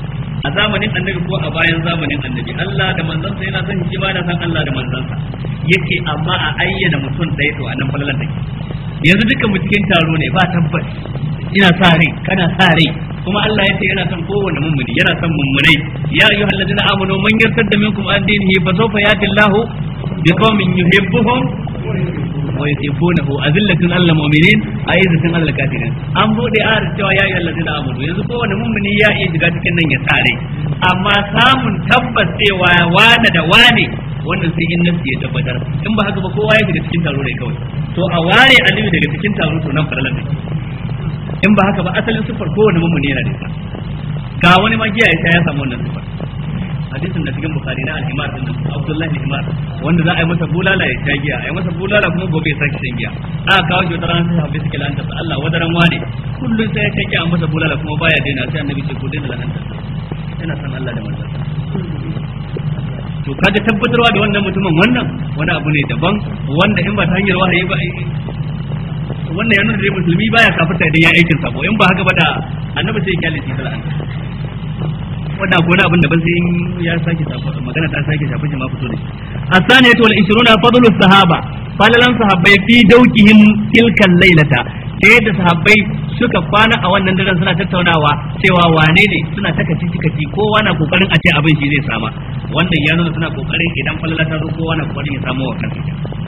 Speaker 1: a zamanin annabi ko a bayan zamanin annabi Allah da manzansa yana son shi ba da san Allah da manzansa yake amma a ayyana mutum ɗaya to a nan falalar take yanzu dukkan mu cikin taro ne ba tabbas ina sa rai kana sa rai kuma Allah ya ce yana son kowanne mummuni yana son mummunai ya ayu alladina amanu man yartadda minkum an dinihi fa sawfa yati Allahu bi qaumin yuhibbuhum wa yuhibbunahu azillatin alal mu'minin aizatin alal kafirin an bude ayar cewa ya ayu alladina amanu yanzu kowanne mummuni ya iya shiga cikin nan ya sa rai amma samun tabbas cewa wane da wane wannan sai in nafi ya tabbatar in ba haka ba kowa ya shiga cikin taro ne kawai to a ware annabi daga cikin taro to nan falalan ne in ba haka ba asalin sufar kowane mamuni yana da ita ga wani ma giya ya ya samu wannan sufar hadisin da cikin bukari na al-himar din Abdullahi himar wanda za a yi masa bulala ya sha giya a yi masa bulala kuma gobe ya sake shan giya a kawo shi wata rana sai hafi suke lanta sa Allah wadaran wane kullum sai ya sha giya masa bulala kuma baya daina sai annabi ce ko daina lanta yana san Allah da manzon to kaga tabbatarwa da wannan mutumin wannan wani abu ne daban wanda in ba ta hanyar wahayi ba eh, wannan yana da musulmi baya kafirta idan ya aikin Ko in ba haka ba da annabi sai ya lati sala an wanda ko wani abin da ban sai ya sake magana ta sake shafi shi ma fito ne shi asaniyatu wal 20 fadlu sahaba falalan sahabbai fi dawkihim tilkan lailata da yadda sahabbai suka kwana a wannan daren suna tattaunawa cewa wane ne suna ta kaci kaci kowa na kokarin a ce abin shi zai sama wannan ya nuna suna kokarin idan falala ta zo kowa na kokarin ya samu wa kansa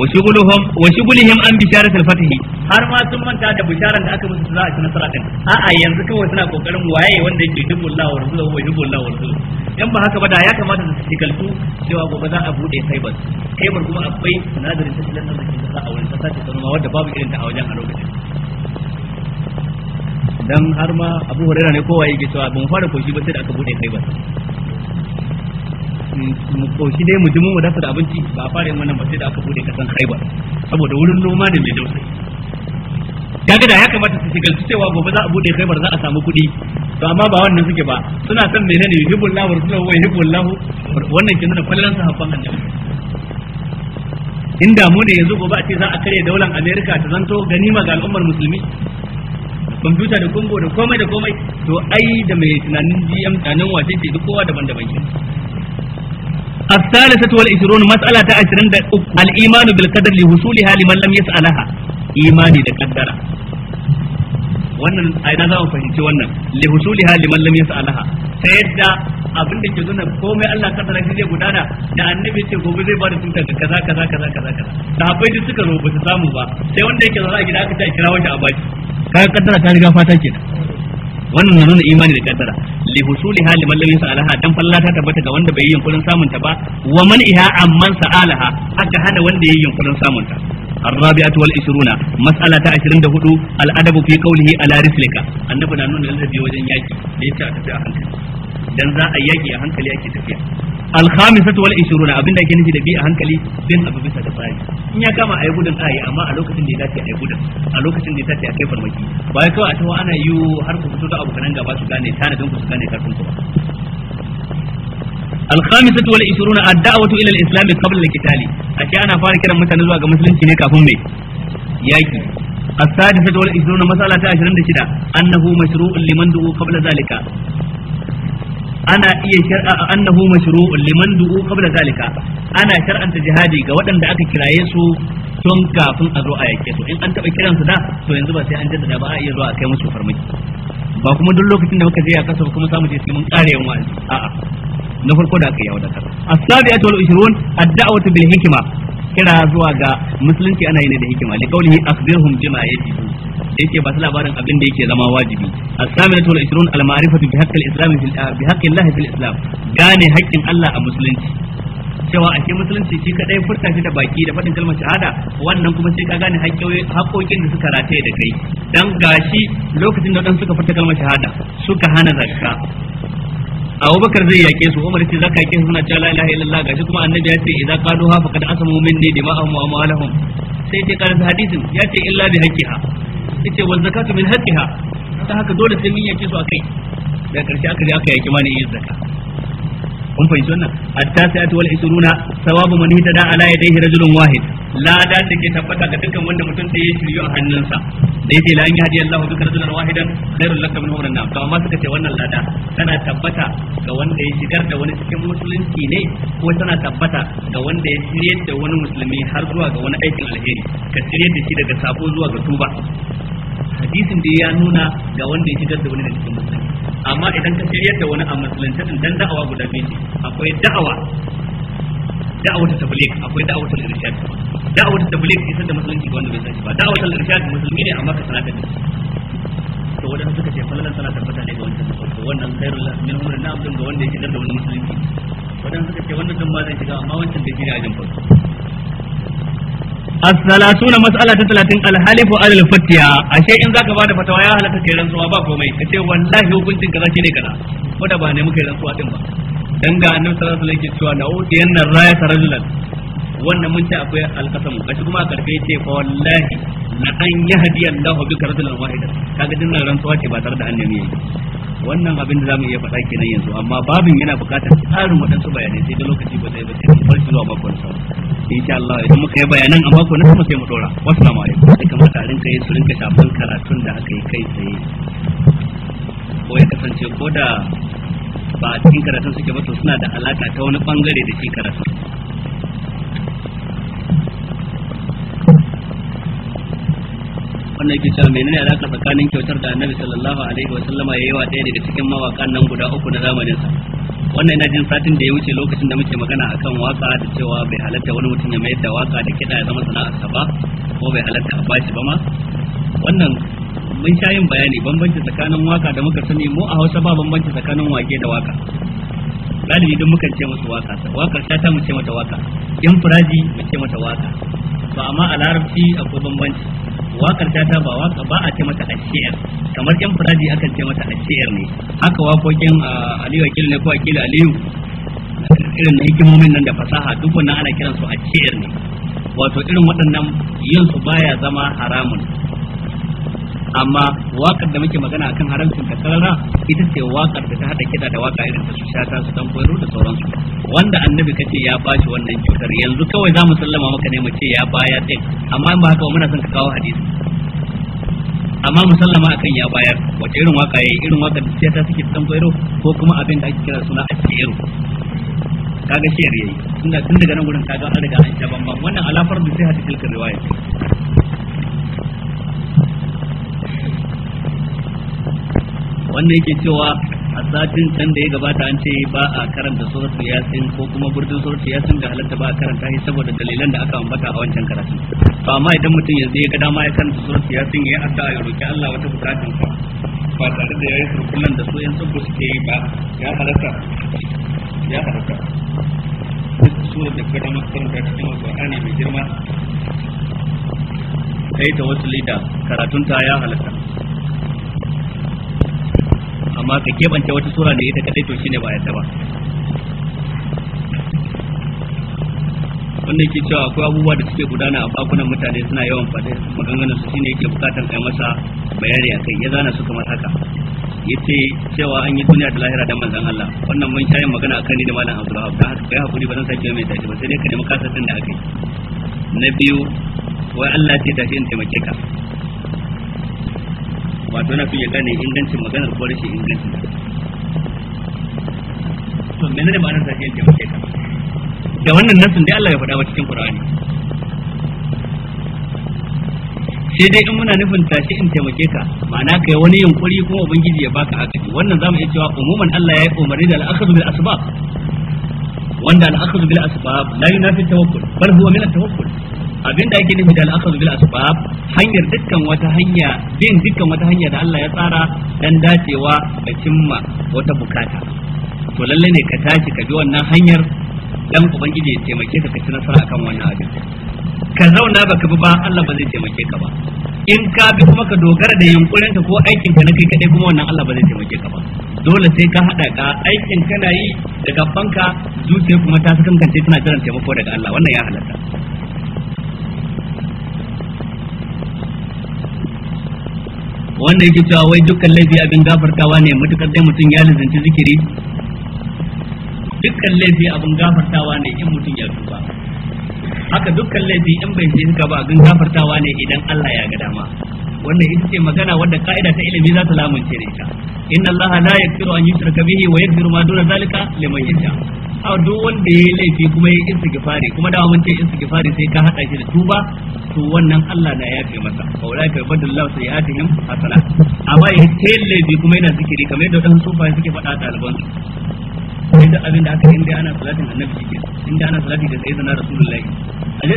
Speaker 1: وشغلهم وشغلهم wa shughlihim an har ma sun manta da bisharar da aka musu za a ci nasara din a'a yanzu kawai suna kokarin waye wanda yake dubullah wa rasuluhu wa dubullah wa rasuluhu in ba haka ba da ya kamata su tikaltu cewa gobe za a bude kaibar kaibar kuma akwai sinadarin ta arzikin da za a wani kasa ta sanuma wanda babu irin ta a wajen a lokacin dan har ma Abu Hurairah ne kowa yake cewa ban fara koshi ba sai da aka bude kaibar mu koshi dai mu ji mu dafa da abinci ba a fara yin wannan ba sai da aka bude kasan Khaibar saboda wurin noma ne mai dausayi kaga da ya kamata su shiga su cewa gobe za a bude Khaibar za a samu kuɗi to amma ba wannan suke ba suna son menene yuhibbullahu wa rasuluhu wa yuhibbullahu wannan kin da fallan sahabban annabi in damu ne yanzu gobe a ce za a karya daular America ta zanto ganima ga al'ummar musulmi kwamfuta da kumbo da komai da komai to ai da mai tunanin GM tunanin wace ce duk kowa daban-daban ke الثالثة والعشرون مسألة عشرين الإيمان بالقدر لوصولها لمن لم يسألها إيمان بالقدر wannan a za mu fahimci wannan li husuli ha liman lam yas'alaha ta yadda abin da ke nuna komai Allah ka tsara zai gudana da annabi ce gobe zai bada tuta ga kaza kaza kaza kaza kaza sahabbai duk suka zo ba su samu ba sai wanda yake zaune a gida aka ta kira wata a baki kaddara ta riga fata kenan wannan na nuna imani da kaddara li husuli hali man lam yasalaha dan falla ta tabbata ga wanda bai yi yunkurin samun ta ba wa man iha amman Alaha, aka hana wanda yayi yunkurin samun ta الرابعة والعشرون مسألة عشرين دهدو الأدب في قوله على رسلك النبي wajen الذي وجن يأتي ليس أتبع عنك dan za a yaki a hankali ake tafiya alkhamisatu wal 20 abinda ake nufi da bi a hankali bin abu bisa da tsari in ya kama ayi gudun ayi amma a lokacin da ya dace ayi gudun a lokacin da ya dace a kai farmaki ba ya kawai a tawa ana yi har ku fito da abokan gaba su gane tanadin ku su gane karfin ku ba الخامسة والعشرون الدعوة إلى الإسلام قبل القتال أشياء أنا فارك لما تنزل على مسلم كنا كفهم بي ياكي السادسة والعشرون مسألة عشرين دشدا أنه مشروع لمن دعو قبل ذلك ana iya shar'a annahu mashru'un liman du'u qabla zalika ana shar'anta jihadi ga waɗanda aka kiraye su tun kafin a zo a yake su in an taɓa kiran su da to yanzu ba sai an jaddada ba a iya zuwa a kai musu farmaki ba kuma duk lokacin da muka je a kasa kuma samu je su mun ƙare a'a na farko da aka yi kar as-sabi'atu wal ishrun ad-da'watu bil hikma kira zuwa ga musulunci ana yin da hikima li qawlihi akhbirhum bima yajibu yake ba su labarin abin da yake zama wajibi as-saminatu al 20 al-ma'rifatu bi haqqi al-islam ah, bi haqqi Allah fil islam gane haƙƙin Allah a musulunci cewa a ke musulunci shi kadai furta shi da baki da faɗin kalmar shahada wannan kuma sai ka gane haƙƙoƙin da suka rataye da kai dan gashi lokacin da dan suka furta kalmar shahada suka hana zakka abubakar zai yake su umar ce zaka yake suna cewa la ilaha illallah gashi kuma annabi ya ce idan qalu ha faqad asamu minni dima'ahum wa amwalahum sai ce karanta hadisin ya ce illa bi haqqiha yace wal zakatu min haqqiha ta haka dole sai mun yake su akai da karshe aka je aka yake mani yin zakka kun fahimci wannan at-tasi'atu wal isruna sawabu man hitada ala yadayhi rajulun wahid lada take tabbata ga dukkan wanda mutum da ya shiryu a hannunsa da yake la an yahdi Allah bika rajulun wahidan khairul laka min umrin nam to amma suka ce wannan lada tana tabbata ga wanda ya shigar da wani cikin musulunci ne ko tana tabbata ga wanda ya shirye da wani musulmi har zuwa ga wani aikin alheri ka shirye da shi daga sabo zuwa ga tuba hadisin da ya nuna ga wanda ya shigar da wani cikin musulunci amma idan ka shiryar da wani a musulunci din dan da'awa guda biyu ne akwai da'awa ta tabligh akwai ta irshad ta tabligh ita da musulunci ga wanda bai san ba ta irshad musulmi ne amma ka sanata da to wadanda suka ce fallalan sana tabbata ne ga wanda suka to wannan khairul min umri na abdun ga wanda ya shigar da wani musulunci wadanda suka ce wannan dan ba zai shiga amma wancan bai shirya ajin farko as-salatuna mas'ala ta talatin al-halifu alal fatiya ashe in zaka bada fatawa ya halatta kai rantsuwa ba komai kace wallahi hukuncin kaza shine kaza wanda ba ne muka rantsuwa din ba dan ga annabi sallallahu alaihi wasallam yake cewa na'udi annar rayata rajulan wannan mun ce akwai alqasam kashi kuma a karfe yace fa wallahi la an yahdi Allahu bika rajulan wahida kaga dinnan rantsuwa ce ba tare da annabi yayi wannan abin da zamu iya faɗa kenan yanzu amma babin yana buƙatar tsarin waɗansu bayanai sai da lokaci ba zai ba sai mu farki zuwa mako na insha Allah idan muka yi bayanan a mako na sama sai mu dora wassalamu alaikum sai kamar a rinka yin su rinka shafan karatun da aka yi kai tsaye ko ya kasance ko da ba a cikin karatun suke ba to suna da alaka ta wani bangare da shi karatun wannan yake cewa menene alaka tsakanin kyautar da annabi sallallahu alaihi wa sallama yayi wa ɗaya daga cikin mawakan nan guda uku na zamanin sa wannan ina jin satin da ya wuce lokacin da muke magana akan waka da cewa bai halatta wani mutum ya mayar da waka da kiɗa ya zama sana'arsa ba ko bai halatta a bashi ba ma wannan mun sha yin bayani bambanci tsakanin waka da muka sani mu a Hausa ba bambanci tsakanin wake da waka galibi don mukan ce musu waka waka ta mu ce mata waka yan furaji mu ce mata waka to amma a larabci akwai bambanci wakar ta ba waka ba a ce mata ashiyar kamar yan furaji aka ce mata ashiyar ne haka wakokin aliyu wakil ne ko wakil aliyu irin da hikimomin nan da fasaha duk wannan ana kiran su ashiyar ne wato irin waɗannan yin su baya zama haramun amma wakar da muke magana akan haramcin ta karara ita ce wakar da ta hada kida da waka irin ta su shata su dan koyaro da sauransu wanda annabi kace ya bashi wannan cutar yanzu kawai za mu sallama maka ne mu ce ya baya din amma ba haka muna son ka kawo hadisi amma musallama akan ya bayar wace irin waka yayi irin wakar da ta suke dan ko kuma abin da ake kira suna asiru kaga shi yayi tunda tun daga nan gurin kaga an riga an sha wannan alafar da sai hadisi kan riwaya wannan yake cewa a satin can da ya gabata an ce ba a karanta suratul yasin ko kuma burdin suratul yasin da halatta ba a karanta shi saboda dalilan da aka ambata a wancan karatu to amma idan mutum yanzu ya ga dama ya karanta suratul yasin ya a ya roki Allah wata bukatun sa ba tare da yayi surkullan da su yan sabbu suke yi ba ya halatta ya halatta duk surar da kada maka karanta cikin alqur'ani mai girma kai ta tawassuli lida karatunta ya halatta amma ka keɓance wata sura da ita kadai to shine ba yadda ba wannan ke cewa akwai abubuwa da suke gudana a bakunan mutane suna yawan faɗi maganganun su shine yake bukatar kai masa bayani akai ya zana su kamar haka yace cewa an yi duniya da lahira da manzon Allah wannan mun shayin magana akan ni da malam Abdulrahman dan haka kai hakuri ba zan sake mai tashi ba sai dai ka nemi kasar din da akai na biyu wai Allah ce tashi in taimake ka wato na ya gane ingancin maganar ko rashin ingancin to menene ma'anar sa yake muke ka da wannan nasin dai Allah ya faɗa wa cikin Qur'ani sai dai in muna nufin tashi in taimake ka ma'ana kai wani yunkuri kuma ubangiji ya baka haka wannan zamu iya cewa umuman Allah ya yi umarni da al bil asbab wanda al bil asbab la yunafi tawakkul bal huwa min at-tawakkul Abin da ake nufi da al'akar bil asbab hanyar dukkan wata hanya bin dukkan wata hanya da Allah ya tsara dan dacewa da cimma wata bukata to lalle ne ka tashi ka bi wannan hanyar dan ubangiji ya taimake ka ka ci nasara akan wannan abin ka zauna baka bi ba Allah ba zai taimake ka ba in ka bi kuma ka dogara da yunkurin ka ko aikin ka na kai kadai kuma wannan Allah ba zai taimake ka ba dole sai ka haɗa ka aikin kana yi da gaban ka zuciya kuma ta kance tana jiran taimako daga Allah wannan ya halarta. wannan yake cewa wai dukkan laifi abin gafartawa ne matukar dai mutum ya lizanci zikiri dukkan laifi abin gafartawa ne in mutum ya duba? haka dukkan laifi in bai shirka ba abin gafartawa ne idan Allah ya ga dama wannan ita ce magana wanda ka'ida ta ilimi za ta lamunce ne ta inna Allah la yaghfiru an yushraka bihi wa yaghfiru ma duna zalika liman yasha a duk wanda yayi laifi kuma yayi istighfari kuma da mun ce istighfari sai ka hada shi da tuba to wannan Allah na yafe masa fa ka badallahu sayatihim hasana amma yayi laifi kuma yana zikiri kamar yadda dan sufaye suke faɗa a su sai da abin da aka yi inda ana salatin annabi shi inda ana salati da sai zana rasulullahi a da ya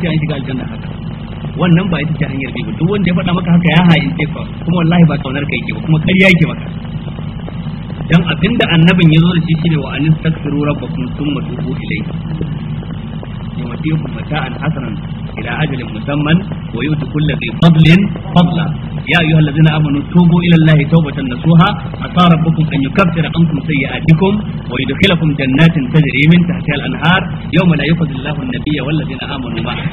Speaker 1: ce an shiga aljanna haka wannan ba ita ce hanyar bi duk wanda ya faɗa maka haka ya haɗin ce fa kuma wallahi ba kaunar ka yake ba kuma ƙarya yake maka dan abinda annabin ya zo da shi shine wa anis takfiru rabbakum thumma tubu ilayhi yumatikum mata'an hasanan ila ajalin musamman wa yu'ti kulli dhi fadlin fadla ya ayyuhal ladzina amanu tubu ila allahi tawbatan nasuha asa rabbukum an yukaffira ankum sayyi'atikum wa yudkhilakum jannatin tajri min tahtiha al-anhar yawma la yukhzi allahu an-nabiyya wal ladzina amanu ma'a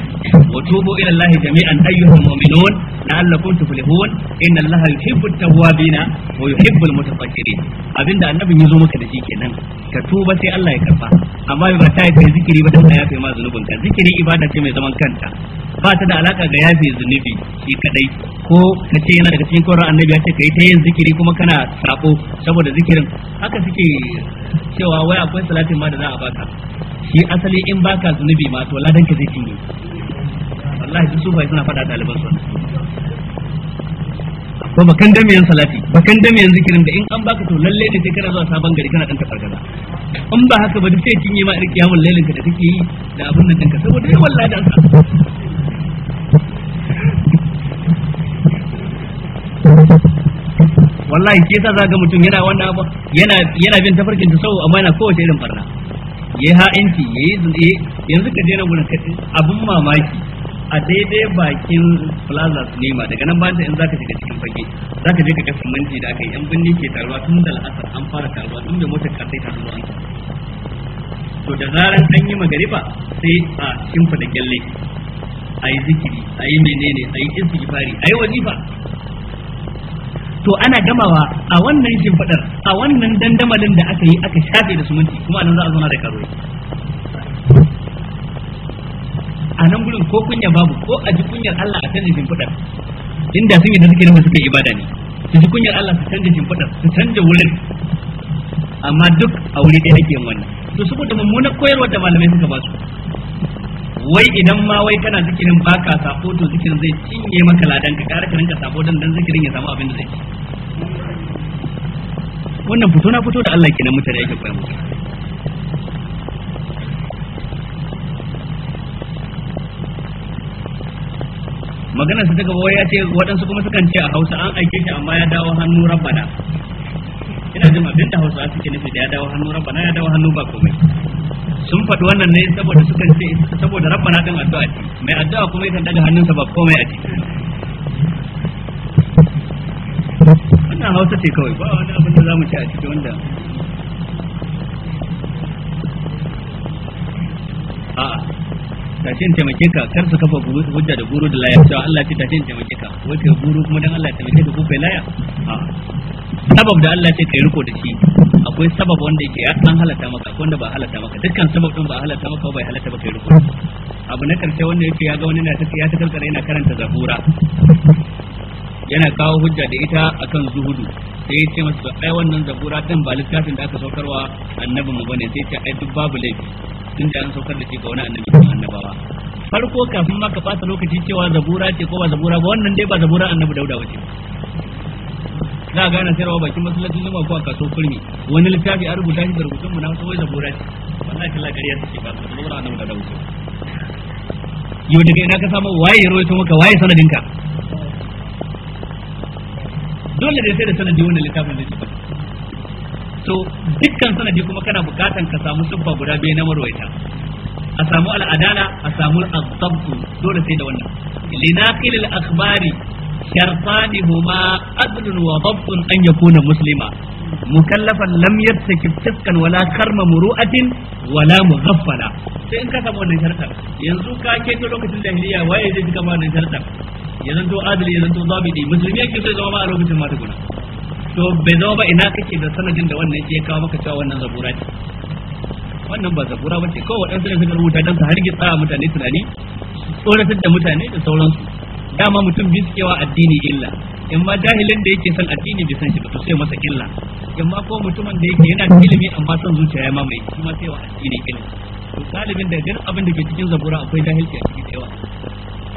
Speaker 1: wa tubu ila allahi jami'an ayyuhal mu'minun la'allakum tuflihun inna allaha yuhibbu at-tawwabina wa yuhibbu al-mutatahhirin abinda annabi yazo maka da shi kenan ka tuba sai Allah ya karba amma ba ta yi zikiri ba ta ya kai ma zanubin ka zikiri ibada ce mai zaman kanta ba ta da alaka ga yafi zunubi shi kadai ko ka ce yana daga cikin koran annabi ya ce kai ta yin zikiri kuma kana sako saboda zikirin haka suke cewa wai akwai salatin ma da za a baka shi asali in baka zunubi ma to ladan ka zai cinye wallahi su sufai suna fada ɗaliban su Ba kan damiyan salati ba kan damiyan zikirin da in an baka to lalle ne sai kana zuwa sabon gari kana dan tafarkaza in ba haka ba sai yi ma irki yawon lailin ka da take yi da abun nan danka saboda yawan ladan ka wallahi ke sa zaga mutum yana wannan abu yana yana bin tafarkin sau amma yana kowace irin barna yayi ha'inci yayi yanzu ka je na gurin abun mamaki a daidai bakin plaza cinema daga nan bayan in zaka shiga cikin fage zaka je ka ga siminti da aka yi yan binni ke taruwa tun da al'asar an fara taruwa tun da motar sai ta zuwa to da zaran an yi magariba sai a shimfa da gyalle a yi zikiri a yi menene a yi istighfari a yi wazifa to ana gamawa a wannan shimfadar a wannan dandamalin da aka yi aka shafe da suminti kuma nan za a zauna da karo a nan gurin ko kunya babu ko a ji kunyar Allah a canjin shimfiɗar inda sun yi da suke nema suke ibada ne su ji kunyar Allah su canja shimfiɗar su canja wurin amma duk a wuri ɗaya ake yin wannan to saboda mummunar koyarwa da malamai suka ba su wai idan ma wai kana zikirin baka sako to zikirin zai cinye maka ladan ka kare ka rinka sako dan dan zikirin ya samu abin da zai ci wannan fito na fito da Allah kenan mutane yake koyar musu magana su daga ya ce waɗansu kuma sukan ce a hausa an aike shi amma ya dawo hannu rabbana ina jin abin da hausa suke nufi da ya dawo hannu rabbana ya dawo hannu ba komai sun faɗi wannan ne saboda sukan ce saboda rabbana din addu'a ce mai addu'a kuma yakan daga hannunsa ba komai a ciki wannan hausa ce kawai ba wani abin da za mu ci a ciki wanda a'a tashi taimake ka kar su kafa hujja da guru da laya cewa Allah ce tashin taimake ka wai kai guru kuma dan Allah taimake ka ko kai laya a sabab da Allah ce kai riko da shi akwai sabab wanda yake ya san halata maka wanda ba halata maka dukkan sabab din ba halata maka ba bai halata ba kai riko abu na karshe wanda yake ya ga wani na ta ya ta karkara yana karanta zabura yana kawo hujja da ita akan zuhudu sai ce masa ai wannan zabura din ba littafin da aka saukarwa annabin mu bane sai ce ai duk babu laifi tun da an saukar da shi ga wani annabi ko annabawa farko kafin ma ka fasa lokaci cewa zabura ce ko ba zabura ba wannan dai ba zabura annabi dauda ba ce za a gane sayarwa bakin masallacin zuma ko a kaso kurmi wani littafi a rubuta shi da rubutun mu na wasu wai zabura ce wallahi kallon gariya ce ba zabura annabi dauda ba ce yau daga ina ka samu waye ya rawaito maka waye sanadinka dole ne sai da sanadi wannan littafin da ciki to dukkan sanadi kuma kana bukatan ka samu siffa guda biyu na marwaita a samu al'adala a samu al'adabtu dole sai da wannan linaqil al-akhbari shartani huma adlun wa dabtun an yakuna muslima mukallafan lam yartakib taskan wala karma muru'atin wala mughaffala sai in ka samu wannan shartar yanzu ka ke ta lokacin da hiliya waye zai ji kamar wannan shartar ya zanto adali ya zanto zabidi musulmi yake so zama ma a lokacin ma guna to bai zama ba ina kake da sanadin da wannan ke kawo maka cewa wannan zabura ce wannan ba zabura ba ce kawai waɗansu ne suka rubuta don su gitsa mutane tunani tsoratar da mutane da sauransu dama mutum bi suke wa addini illa in ma jahilin da yake son addini bi san shi ba to sai masa illa in ma ko mutumin da yake yana ilimi amma san zuciya ya mamaye shi ma sai wa addini illa to galibin da duk abin da ke cikin zabura akwai jahilci a cikin yawa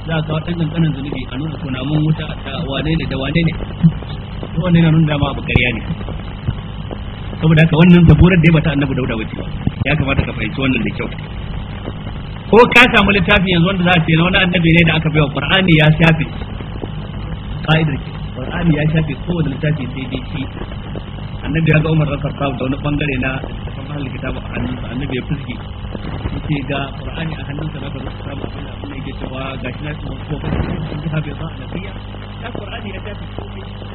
Speaker 1: za ka wata kankanin zunubi a nuna mun wuta da wane ne da wane ne to wannan nuna dama abu ƙarya ne saboda haka wannan zaburar da ya bata annabi dauda wuce ya kamata ka fahimci wannan da kyau ko ka samu littafi yanzu wanda za a ce na wani annabi ne da aka bai wa qur'ani ya shafe ka'idar ke qur'ani ya shafe kowane littafi sai dai shi annabi ya ga umar raka kawo da wani bangare na mahal kitabu a hannunsa annabi ya fuske yace ga qur'ani a hannunsa na gaba ta samu abin da abin da yake cewa gashi na ko ko ta bai za a nafiya ya qur'ani ya shafe kowane